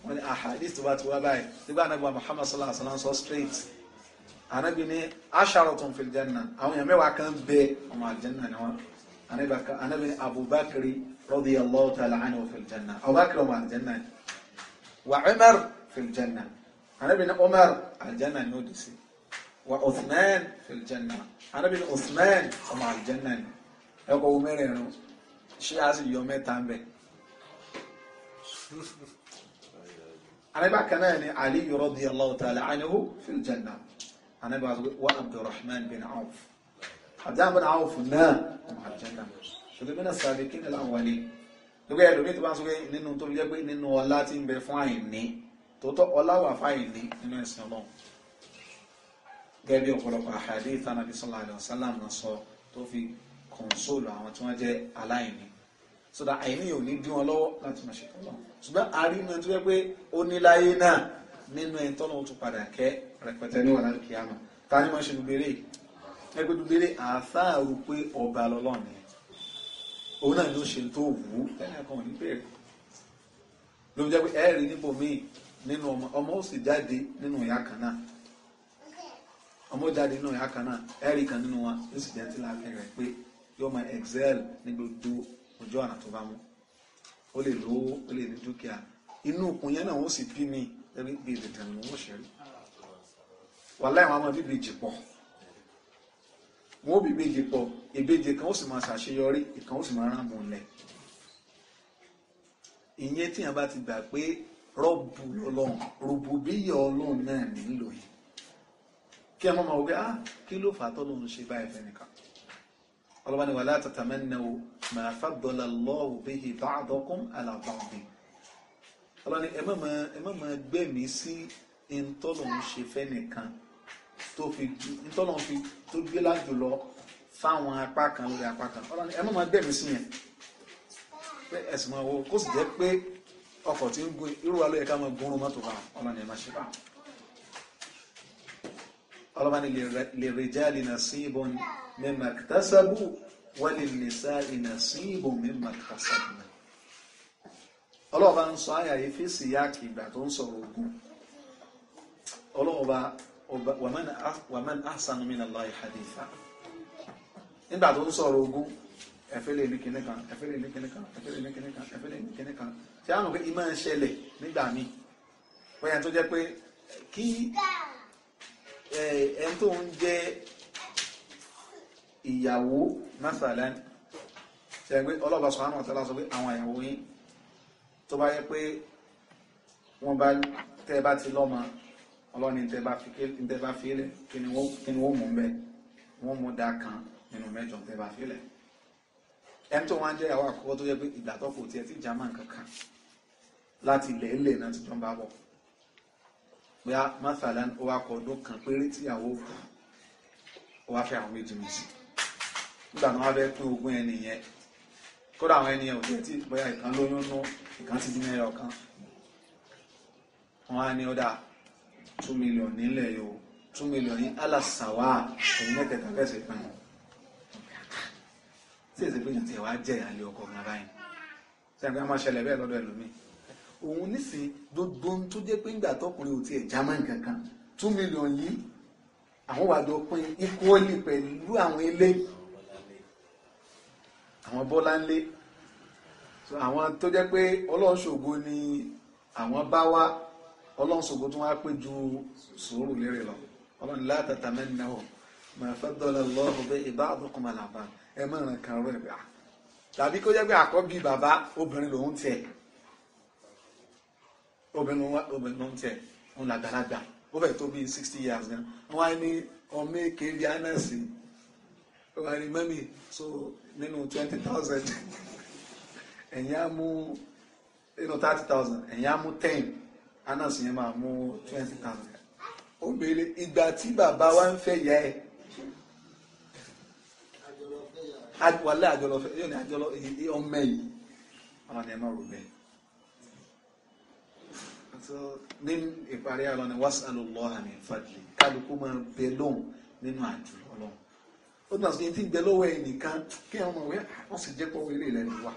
[SPEAKER 1] wọ́n ní ahadith tó bá ti wá báyìí nígbà anábì wa muhammad sallallahu alayhi wa sallam sọ straight anábì ní asharatun fil janna àwọn èèyàn mẹ́wàá kan bẹ ọmọ àjẹnà ni wọn anábì ní abubakar radiyallahu ta'ala anhu fil janna abubakar ọmọ àjẹnà ni wa umar fil janna anábì ní umar àjẹnà ni ó dì sí wa uthman fil janna anábì ní uthman ọmọ àjẹnà ni ẹ̀kọ́ wo mẹ́rin ẹ̀rọ ṣé a sì yọ mẹ́ta ń anábà kan náà ni ali radiyallahu ta'ala anhu fil janna anábà wa abdulrahman bin auf abdulrahman bin auf náà ọmọ aljanna ṣùgbọ́n bí náà sàbí kí ni láwọn wọlé lórí ẹlòmíì tó bá ń sọ pé nínú tó jẹ́ pé nínú ọlá tí ń bẹ fún àìní tòótọ́ ọlá wà fáìní nínú ẹ̀sìn ọlọ́run gẹ́gẹ́ bí sallallahu alaihi wasallam náà sọ tó fi kọ̀ǹsóòlù àwọn tí wọ́n jẹ́ aláìní so that àìní yóò ní dí wọn lọ́wọ́ láti máa ṣe tọ́lọ̀ ṣùgbọ́n àárín náà tó yẹ pé ó ní láyé náà nínú ẹ̀ tọ́lọ̀ ó tún padà kẹ́ rẹpẹtẹ ní wàhálà kìí àmọ́ ta ni máa ṣe dùbẹ̀rẹ̀ ẹgbẹ́ dùbẹ̀rẹ̀ àṣàrò pé ọba lọ́lọ́run ni òun náà ló ṣe tó wù ú tẹ́lẹ̀ kan ò ní bẹ̀rẹ̀ ló ń jẹ́ pé ẹ̀rí níbo míì nínú ọmọ ọmọ ó sì jáde nínú ìyá kan náà ọmọ jáde nínú ìyá kan náà ẹ̀rí kan nínú wa ó sì jẹ́ tí láàfin rẹ̀ pé yóò máa excel ní gbogbo ojú ọ̀nà tó bá mú ó lè lówó ó lè ní dúkìá inú òkun yẹn náà wọ́n sì bí mi lórí bí ìdìtẹ̀ ni wọ́n ṣe rí wà láì wọn máa bíbi ìjì pọ̀ wọn ó bíbi ìjì pọ̀ ìbejì kan ó sì máa ṣàṣeyọrí ìkan ó sì máa rán múlẹ̀ ìyẹn tíyàn bá ti gbà pé rọ́bù lọ́lọ́run rògbò bíyà ọlọ́run náà nílò yìí kí ẹ má máa wọ pé ah kí ló fà á tọ́lọ́run ṣe báyìí fẹ́ nìkan ọlọ́ba ni wala tatamannaw ma faddala Allahu bihi ba'dakum ala ba'din ọlọ́ba ni ẹ má máa gbẹ̀mí sí ntọ́lọ̀ ń ṣe fẹ́ nìkan tó fi ntọ́lọ̀ fi tó gbé lájò lọ fáwọn apá kan lórí apá kan ọlọ́ba ni ẹ má máa gbẹ̀mí sí yẹn pé ẹ̀sìn máa wọ kó sì jẹ́ pé ọkọ̀ tí ń gun irú wa ló yẹ ká máa gun ọmọ tó ọlọ́ni ẹ má ṣe báwọn ọlọ́wà ni lè rijali nasibun mimma ktasabu wa lin nisa'i nasibun mimma ktasabna ọlọ́ọ̀bá ń sọ àyà yìí fèsì yá kì ìgbà tó ń sọ̀rọ̀ ogun ọlọ́ọ̀bá waman ahsanu minallahi haditha nígbà tó ń sọ̀rọ̀ ogun ẹ̀fẹ́lẹ̀ ní kinní kan ẹ̀fẹ́lẹ̀ ní kinní kan ẹ̀fẹ́lẹ̀ ní kinní kan ẹ̀fẹ́lẹ̀ ní kinní kan tí a mọ̀ pé ìmọ̀ ń ṣẹlẹ̀ nígbà míì bóyá tó jẹ́ ẹni tó ń jẹ́ ìyàwó masalan ṣe pé ọlọ́ba subhanahu wa ta'ala sọ pé àwọn ìyàwó yín tó bá yẹ pé wọ́n bá tẹ́ bá ti lọ́mọ ọlọ́ni tẹ́ bá fi lẹ̀ kí ni wọ́n mú bẹ́ẹ̀ wọ́n mú dáa kan nínú mẹ́jọ tẹ́ bá fi ẹni tó wá ń ìyàwó àkọ́kọ́ tó yẹ pé ìgbà tó kò tiẹ̀ ti jámà kankan láti lẹ́ẹ̀lẹ̀ náà ti jọ ń bá bọ̀ bóyá mathalan ó wá kọ ọdún kan péré tíyàwó kù ó wá fẹ́ àwọn méjì méjì nígbà náà wá fẹ́ pín ogún ẹni yẹn kódà àwọn ẹni yẹn ò tẹ́tí bóyá ìkan lóyún nú ìkan ti dín ẹyọ kan wọn á ní ọ̀dà two million nílẹ̀ yòó two million ní alasawa ẹ̀yin mẹ́tẹ̀ẹ̀ta fẹ́sẹ̀ pín in tí èsì pé yàn tiẹ̀ wá jẹ́ ìyàlẹ́ ọkọ̀ ọ̀gá báyìí sẹ́yìn pé wọ́n máa ṣẹlẹ̀ bẹ́ẹ̀ lọ́dọ̀ ẹlòmíì òun nísìn gbogbo ohun tó jẹ́ pé ńgbà tọkùnrin ò tiẹ̀ já máa ń kankan two million yìí àwọn wà jọ pín equally pẹ̀lú àwọn ilé àwọn bọ́lá ńlé àwọn tó jẹ́ pé ọlọ́ṣògo ni àwọn bá wá ọlọ́ṣògo tó wá pé ju sùúrù lérè lọ ọlọ́run látàtà mẹ́rin náà máa fẹ́ dọ́là lọ́ọ̀bù bẹ́ẹ̀ ìbá àdókùn máa làbá mọ̀ràn kan rẹ̀ bá tàbí kó jẹ́ pé àkọ́bí bàbá obìnrin lòun tiẹ̀ obìnrin wa obìnrin náà tiẹ̀ ń làgbàlagbà ó fẹ́ tó bíi sixty years gan wọ́n á ní ọmọ èké bíi anansi wọ́n á ní mẹ́mì so nínú twenty thousand ẹ̀yin á mú nínú thirty thousand ẹ̀yin á mú ten anansi yẹn máa mú twenty thousand ó béèrè ìgbà tí bàbá wa ń fẹ́ yẹ ẹ́ wàlẹ́ àjọlọ́fẹ́ yóò ní àjọlọ́ ọmọ yìí ọmọ yẹn máa rò bẹ́ẹ̀ so ní ìparí àlọ́ ni wasalullaha min fadli kálukú máa bẹ lóhùn nínú àjùlọ ọlọ́run ó dùn àti tí ń bẹ lọ́wọ́ ẹnìkan kí àwọn ọmọ wẹ́ ah, wọ́n sì jẹ́ pọ́wọ́ ilé ìlẹ́nu wa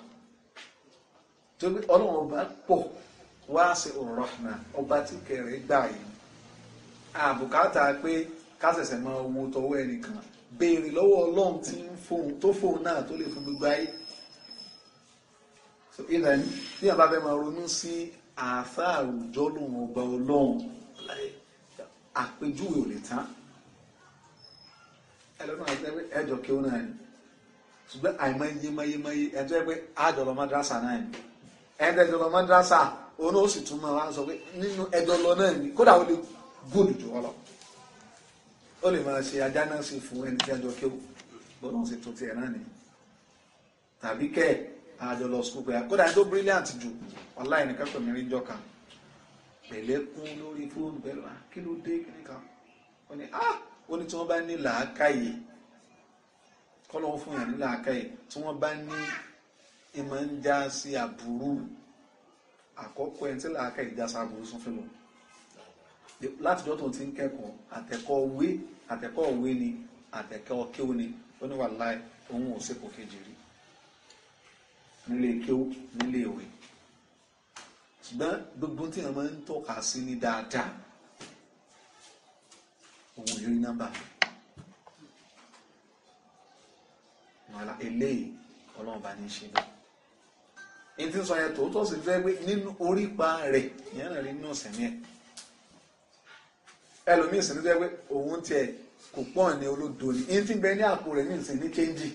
[SPEAKER 1] torí ọlọ́run ọba pọ̀ wá sí ọ̀rọ̀hánà ọba tí kẹrẹ̀ gbà yìí àbùkátà pé kásẹ̀sẹ̀ máa wo tọwọ́ ẹnìkan béèrè lọ́wọ́ ọlọ́run tí ń fóun tó fóun náà tó lè fún gbogbo ayé so ìlànà bí àbá fẹ́ máa ronú sí àáfà àrùjọ lòun ọba ọlọ́run àpèjúwe ò lè tán ẹlọ́nà àti ẹgbẹ́ ẹjọ kí ó náà ni ṣùgbọ́n àìmọ iye mọye mọye ẹjọ ẹgbẹ́ àjọlọ madrasa náà ni ẹjọ ẹjọlọ madrasa òun ó sì tún mọ wá sọ pé nínú ẹjọlọ náà ni kódà ó lè góòlù jù ọ lọ ó lè máa ṣe ajá náà sí fún ẹni tí ẹjọ kí ó bọ́lá ó sì tún tiẹ̀ náà ni tàbí kẹ́ẹ̀ àjọ lọ sùkúl pé kódà ẹni tó brilliant jù ọ̀la ẹnìkan pè mí rí jọ kan pẹ̀lẹ́ kún lórí fóònù pẹ̀lú à ah, kí ló dé kí nìkan ó ní ah ó ní tí wọ́n bá ní làákàyè kọ́lọ́wọ́ fún yàn ní làákàyè tí wọ́n bá ní ìmọ̀ ń já sí àbúrú àkọ́kọ́ ẹni tí làákàyè já sí àbúrú sún fún mi látijọ́ tó ti ń kẹ́kọ̀ọ́ àtẹ̀kọ́ òwe àtẹ̀kọ́ òwe ni àtẹ̀kọ́ kéwù ni ó ní wàláì òun ò ṣe kò kejì rí nílé kéwú nílé ìwé ṣùgbọ́n gbogbo tí wọ́n máa ń tọ́ka sí ní dáadáa òun yóò nọ́mbà wàhálà eléyìí ọlọ́run bá ní í ṣe bá ní tí ń sọ yẹn tòótọ́ sí fẹ́ pé nínú orípa rẹ̀ ìyẹn náà rí nínú ọ̀sẹ̀ ní ẹ̀ ẹlòmíín sì ní fẹ́ pé òun tiẹ̀ kò pọ̀ ní olódo ni ní tí ń bẹ ní àpò rẹ̀ ní ìsìn ní kéńjì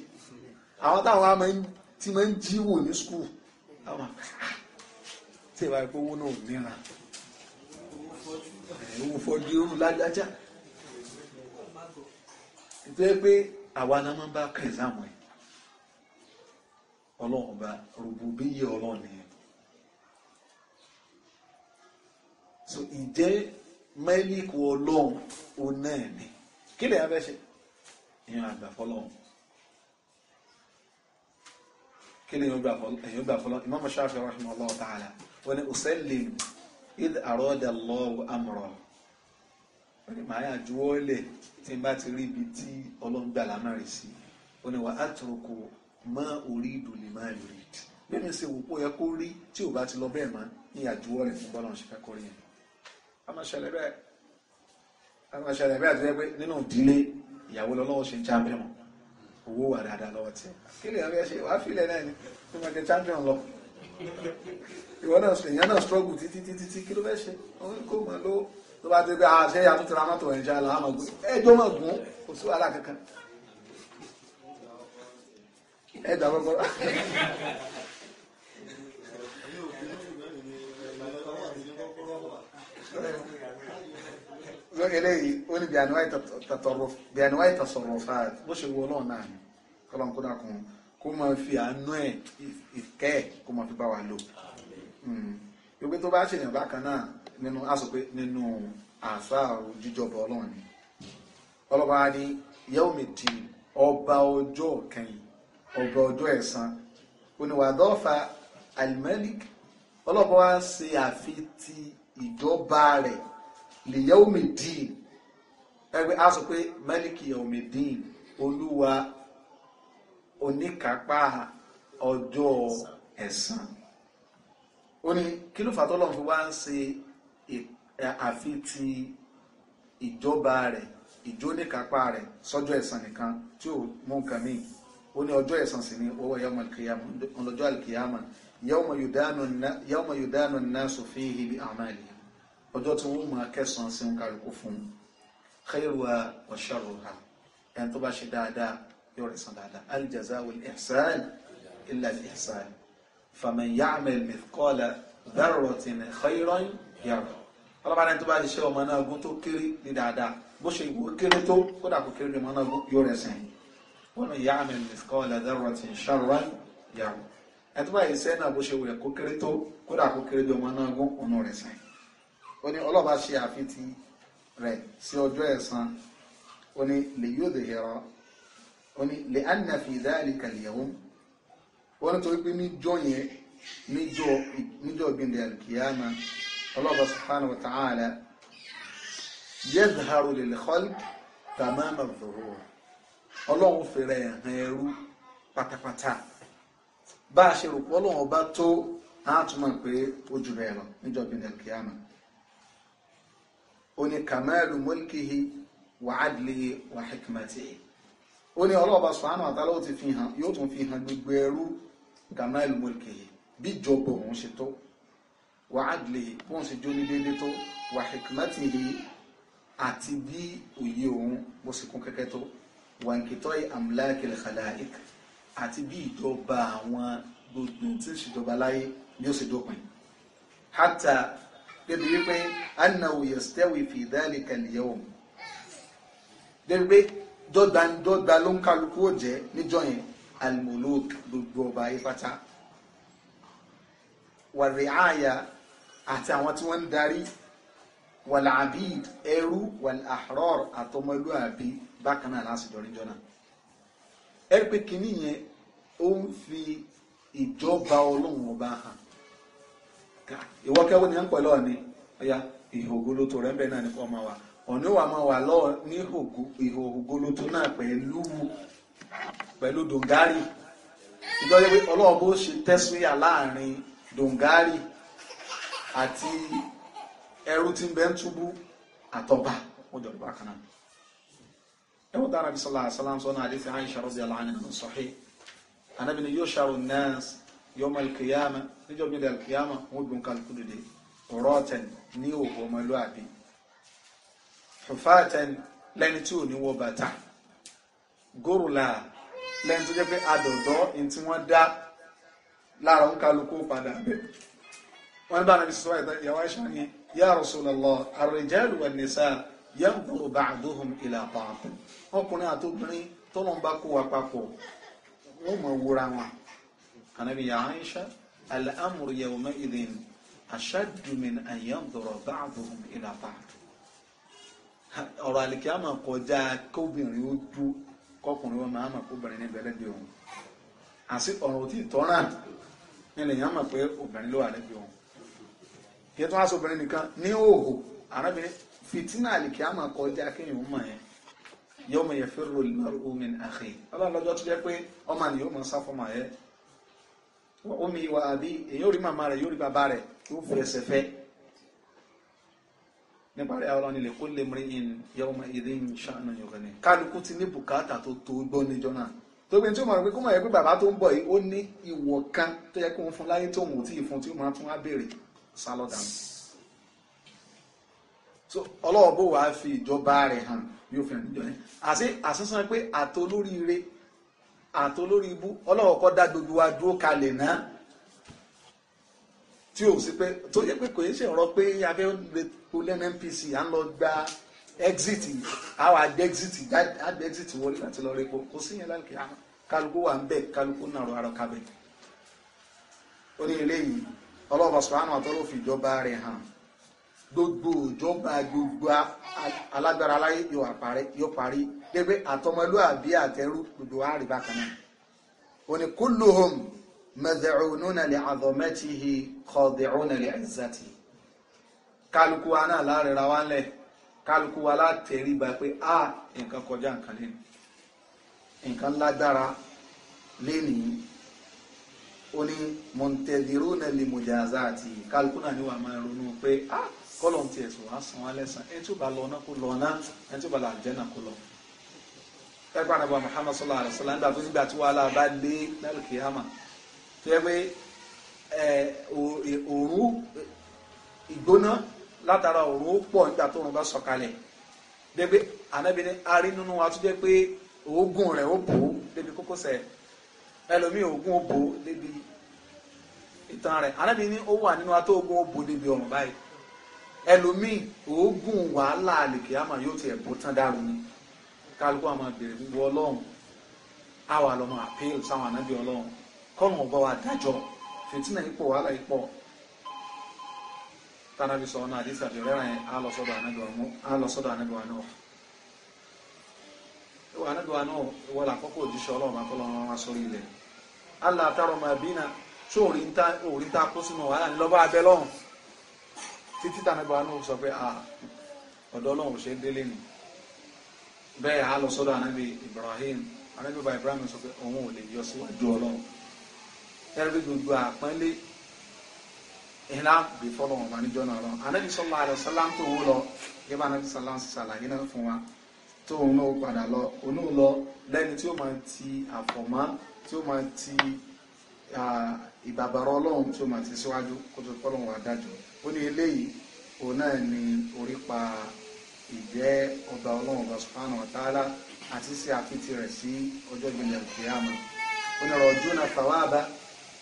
[SPEAKER 1] àwọn táwọn á máa ń tí máa ń jíwò ní skul àwọn tí ìwà ìpowó náà níra owó fọdí ó lágbájá nítorí pé àwa náà máa ń bá ka ìzáàmù ẹ ọlọ́run bá rògbò bí yẹ ọlọ́run nìyẹn so ìjẹ́ mẹ́líkù ọlọ́run ó náà ni kí lè abẹ́ ṣe ìyẹn àgbà fọlọ́run kí ni èyàn gbà fọlọ́ Imam Shafi'i rahimahullah ta'ala wọ́n ní usallim id arada Allahu amra wọ́n ní màá yà juwọ́lẹ̀ tí n bá ti rí ibi tí ọlọ́run gbà lámàrin sí wọ́n ní wa atruku ma uridu lima yuridu bẹ́ẹ̀ ṣe wò pé ó yẹ kó rí tí ò bá ti lọ bẹ́ẹ̀ mọ́ ní àjùwọ́ rẹ̀ fún bọ́lá ṣe fẹ́ kó yẹn. a máa àti bẹ́ẹ̀ nínú ìdílé ìyàwó lọ́lọ́wọ́ ṣe ń já bẹ́ẹ̀ owó wà dáadáa lọ́wọ́ tí kí lè ọ̀rẹ́ ṣe wàá filẹ̀ náà ni tó máa jẹ champion lọ ìwọ náà èèyàn náà struggle títí títí tí kí ló fẹ́ ṣe òun kò mọ̀ ló tó bá ti gbé àṣẹ yàtọ̀ tí ra mọ́tò ẹ̀ ń ṣe àlọ́ àmọ́ gbé ẹjọ́ mọ̀ gùn kò sí wàhálà kankan ẹ̀dà gbọ́gbọ́rọ́. eléyìí ó ní bí àníwáyé tàtọ̀rọ̀ bí àníwáyé tàtọ̀rọ̀ fà bó ṣe wo ọlọ́run náà ni kọ́lọ́n kó dàkún kó máa fi àánú ẹ̀ ìkẹ́ ẹ̀ kó máa fi bá wa lò. ìgbé hmm. tó bá ṣèyàn bákan náà nínú aṣọ pé nínú ọba ọjọ́ kẹyìn ọba ọjọ́ ẹ̀san oníwàdọ́fà alimẹ́lík ọlọ́ba wa ṣe àfi ti ìjọba rẹ̀ lè yaomi dín ẹgbẹ́ a sọ pé mẹ́líkì yaomi dín olúwa oníkápá ọjọ́ ẹ̀san ó ní kí ló fà tó lọ́n fi wá ń ṣe àfi ti ìjọba rẹ̀ ìjó oníkápá rẹ̀ sọ́jọ́ ẹ̀san nìkan tí ò mú nǹkan míì ó ní ọjọ́ ẹ̀san sì ni owó yawma al-qiyama ọlọ́jọ́ al yudanu an-nasu fihi bi a'malihim ọjọ́ tí wọ́n máa kẹsàn-án sí ń kálukú fún khairuha wa sharruha ẹni tó bá ṣe dáadáa yóò rẹ̀ san dáadáa aljaza wal ihsan illa al ihsan faman ya'mal mithqala dharratin khairan yara ọlọ́pàá ẹni tó bá ṣiṣẹ́ ọmọ náà gún tó kéré ní dáadáa bó ṣe ìwò kéré tó kódà kó kéré ní ọmọ náà yóò rẹ̀ sẹ́yìn wọn ya'mal mithqala dharratin sharran yara ẹni tó bá ṣiṣẹ́ náà bó ṣe kéré tó kódà kó kéré ní ọmọ náà gún ọ̀nà rẹ̀ sẹ́yìn ó ní ọlọ́ba ṣe àfitì rẹ̀ sí ọjọ́ ẹ̀san ó ní lè yóò dè hẹ̀rọ ó ní lè ànàfi ìdáàlì kàlìyàwó ó ní torí pé níjọ́ yẹn níjọ́ níjọ́ gbìndẹ̀ àlùkìyàmà ọlọ́ba subhanahu wa ta'ala yẹ́dàrú lil khalq tamama dhurur ọlọ́run fèrè ẹ̀hàn ẹrú pátápátá bá a ṣe rò pé ọlọ́run ọba tó àátúmọ̀ pé ó jù bẹ́ẹ̀ lọ níjọ́ gbìndẹ̀ àlùkìyàmà ó ní kàmáàlù mulkihi wa adlihi wa hikmatihi ó ní ọlọ́ọ̀bá subhanahu wa ta'ala ó ti fi hàn yóò tún fi hàn gbogbo ẹrú kàmáàlù mulkihi bí ìjọba òun ṣe tó wa adlihi bóun ṣe jó ní déédé tó wa hikmatihi àti bí òye òun bó ṣe kún kẹ́kẹ́ tó wa nkitoi amlakil khalaik àti bí ìjọba àwọn gbogbo tí ń ṣèjọba láyé ni ó ṣe dópin débi wípé annahu yastawi fi dhalika al-yawm débi pé dọ́gbandọ́gba ló ń kálukú ó jẹ́ níjọ́ yẹn al-muluk gbogbo ọba ayé pátá wa ri'aya àti àwọn tí wọ́n ń darí wal abid ẹrú wal ahrar àtọmọlú àbí bákan náà lásìjọ níjọ́ náà ẹ pé kínní yẹn ó ń fi ìjọba ọlọ́run ọba hàn ìwọ kẹwọn ni à ń pẹ lọọ ni ọyà ìhòògùn lóto rẹ ń bẹ náà ní kọ ọmọ wa ọ̀nà wa máa wà lọ́wọ́ ní ìhòògùn lóto náà pẹ̀lú pẹ̀lú dongari ìdọ́jẹ́ pé ọlọ́wọ́ bó ṣe tẹ́síyà láàrin dongari àti ẹrú tí ń bẹ ń túbú àtọ́ba wọ́n jọ nípa kan náà ẹwọ́n dára bí sọlá àṣálàm sọ́nà àdéhùn Aisha radiyallahu anha nínú sahih anábìnrin yóò ṣàrò nas yawm al-qiyamah níjọ́ mi dàlù kíámà wọn dùn kálukú dìde rọ́ọ̀tẹ̀n ní òhò ọmọlúàbí fùfáàtẹ̀n lẹ́ni tí ò ní wọ bàtà gòrùlà lẹ́ni tó jẹ́ pé àdọ̀dọ́ ní tí wọ́n dá lára ń kálukú padà bẹ̀. wọ́n bá nàbí sọ́wọ́ ìtàn ìyàwó àìsàn ni ya Rasulullah ar-rijalu wan-nisa yanzuru ba'duhum ila ba'd ọkùnrin àtòbìnrin الأمر يومئذ أشد من أن ينظر بعضهم إلى بعض ọ̀rọ̀ àlìkí àmà kọjá kóbìnrin ó dú kọkùnrin wọn máa mà kóbìnrin ní bẹ̀rẹ̀ bí òun àti ọ̀rọ̀ òtí ìtọ́ràn nílẹ̀ yẹn mà pé obìnrin ló wà lẹ́bi òun kí ẹ tún wá sọ obìnrin nìkan ní òhò arábìnrin fìtínà àlìkí àmà kọjá kéèyàn ó mà yẹn yọmọ yẹn fẹ́ rọlì omi àkè ọlọ́run lọ́jọ́ tó jẹ́ pé ọmọ àníyàn ó mọ sáfọ́mọ yẹn omi ìwà àbí èyàn rí màmá rẹ̀ yóò rí bàbá rẹ̀ yóò fi ẹsẹ̀ fẹ́ nípa rẹ̀ ọlọ́run nílẹ̀ kó lè mìíràn in yọmọ ìdí ìṣàánú yọ̀gàn ni kálukú ti ní bùkátà tó tó gbọ́ níjọ́ náà tó gbé tí ó mọ̀ pé kó mọ̀ yẹ pé bàbá tó ń bọ̀ yìí ó ní ìwọ̀ kan tó yẹ kó ń fún láyé tó ń wò tí ìfún tí ó máa tún á béèrè sálọ́dà mi so ọlọ́wọ́ bó wàá fi ìjọba rẹ̀ hàn yóò fi hàn níjọ́ yẹn àti àsánsán pé àtolóríire àtolórí ibú ọlọ́wọ́ kọ́ dá gbogbo wa dúró kalẹ̀ tí o sì pé tó yẹ pé kò yẹ ṣe ọ̀rọ̀ pé abẹ́ lepo lẹ́nu NPC à ń lọ gba exit àwọn àdé exit àdé exit wọlé láti lọ repo kò sí yẹn lálùkì kálukú wà ń bẹ̀ kálukú nàró gbogbo ìjọba gbogbo alágbára aláyé pé àtọmọlúàbí àtẹrú gbogbo wa rí bákan náà òní kulluhum mad'ununa li'azamatihi khadi'una li'izzatihi kálukú wa náà láàrin ra wá ńlẹ̀ kálukú wa látẹ̀rí gba pé a nǹkan kọjá nǹkan lẹ́nu nǹkan lágbára lẹ́nìí ó ní mọ̀ntẹ́dìrú náà lè mọ̀jà àzá àti kálukú náà níwà máa ronú pé a kọ́lọ̀ ń tiẹ̀ sùn wá wá lẹ́sàn ẹni tí ó bá lọ náà kó lọ náà ẹni tí ó bá lọ àjẹ́ náà kó lọ tẹ́gbà nàbà Muhammad sallallahu alayhi wa sallam nígbà tó nígbà tí wàhálà bá dé lálùkì hàmà tó yẹ pé òru ìgbóná látara òru pọ̀ nígbà tó òun bá sọ̀kalẹ̀ débi ànábi ní arí nínú wa tó jẹ́ pé òógùn rẹ̀ ó bò ó débi kókósẹ̀ ẹlòmíì òógùn ó bò ó débi ìtàn rẹ̀ ànábi ní ó wà nínú wa tó òógùn ó bò débi ọ̀rùn báyìí ẹlòmíì òógùn wàhálà àlèkè àmà yóò tiẹ̀ bó tán dàrú ni kálukú àwọn àbèrè gbogbo ọlọ́run àwa lọ́mọ àpèl sáwọn ànábì ọlọ́run kọ́nà ọba wa dájọ́ fìtínà ipò wàhálà ipò tánàbí sọ ọ́nà àdìsí àti ọ̀rẹ́rà yẹn á lọ sọ́dọ̀ ànábì wa náà ìwà ànábì wa náà ìwọ làkọ́kọ́ òjíṣẹ́ ọlọ́run akọ́lọ́ wọn wá sórí ilẹ̀ Allah àtàrọ̀ máa bí náà tí òrí ń ta kó sínú wàhálà ní lọ́bàá abẹ́ lọ́hùn títí tánàbí wa náà sọ pé ọ̀dọ́ ọlọ́run ò ṣe é délé nìyí bẹ́ẹ̀ á lọ sọ́dọ̀ ànábì Ibrahim ànábì bá Ibrahim sọ pé òun ò lè yọ síwájú ọlọ́run ẹ̀rí gbogbo àpọ́nlé ìlà bí fọlọ́wọ́n bá níjọ́ náà lọ ànábì sallallahu alaihi wasallam tó wó lọ gẹ́gẹ́ bá ànábì sallallahu ṣàlàyé náà fún wa tó òun náà padà lọ òun náà lọ lẹ́ni tí ó máa ti àfọ̀mọ́ tí ó máa ti ìbàbàrọ̀ ọlọ́run tí ó máa ti síwájú kó tó fọlọ́wọ́n adájọ́ ó ní eléyìí òun náà ni orí pa ìjẹ́ ọba ọlọ́run ọba subhanahu wa ta'ala àti ṣe àfitì rẹ̀ sí ọjọ́ ìgbìlẹ̀ kìyàmà ó ní ọjọ́ náà fàwa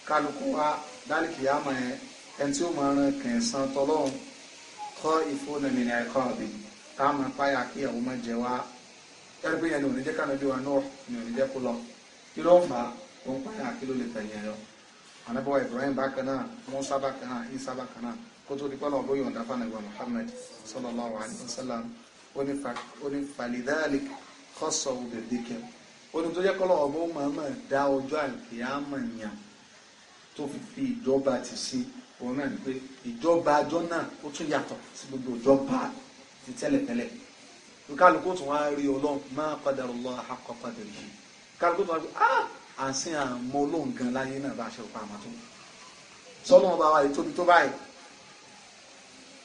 [SPEAKER 1] kálukú wa dálì kìyàmà yẹn ẹni tí ó máa ran kẹsàn tọlọ́run kọ́ ìfowópamẹ́ni ẹ̀kọ́ kí máa jẹ wá yẹn ní wa náà ní kó lọ kí kó tó di pọ́nà ọ̀bọ̀ yọ̀ǹda fánàgbà Muhammad sallallahu alayhi wa sallam ó ní falidali kọ́sọ̀ òbẹ̀ díkẹ́ ó ní tó jẹ́ kọ́lọ̀ ọ̀bọ̀ mọ̀ọ́mọ̀ dá ọjọ́ àkìyàmọ̀ yàn tó fi fi ìjọba ti sí òun náà ni pé ìjọba ajọ́ náà ó tún yàtọ̀ sí gbogbo ìjọba ti tẹ́lẹ̀tẹ́lẹ̀ kálukú tún wá rí ọlọ́run má padà lọ́ àkọ́ padà yìí kálukú tún wá rí ah àsìn àmọ́ olóhùn láyé náà bá a ṣe tó sọ́nà ọba wa yìí tóbi tó báyìí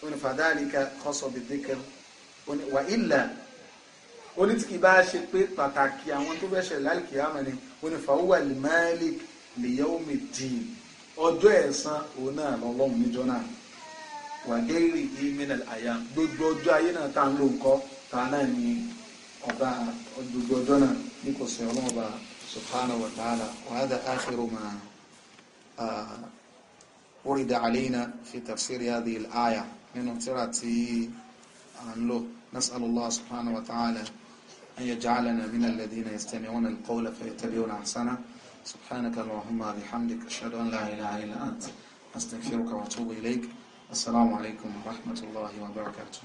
[SPEAKER 1] wọn fàdáàlìkà kọ́sọ̀bì بالذكر wà ilà ó ní tí kì bá ṣe pé pàtàkì àwọn tó fẹ́ ṣẹlẹ̀ láìkì àmọ́ ni wọn fàwọ́ àlìmáìlì lèyẹ́wòmí dìín ọjọ́ ẹ̀san òun náà lọ́lọ́run níjọ́ náà wà gẹ́rì ìmìnà àyà gbogbo ọjọ́ ayé náà tá à ń lò ńkọ́ tá a náà ní ọba gbogbo ọjọ́ náà ní kò sọ ọlọ́run ọba subhanahu wa ta'ala wa hada akhiru ma fi tafsir hadhihi al nínú tíra tí a ń lò nas'alu Allah subhanahu wa ta'ala an yă yaj'alana min alladhina yastami'una alqawla fayattabi'una ahsana subhanaka allahumma bihamdika ashhadu an la ilaha illa ant astaghfiruka wa atubu ilayk assalamu alaikum wa rahmatullahi wa barakatuh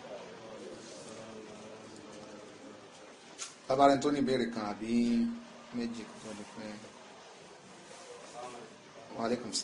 [SPEAKER 1] tabarin tó ní ìbéèrè kan àbí méjì kò tó di pé wa alaykum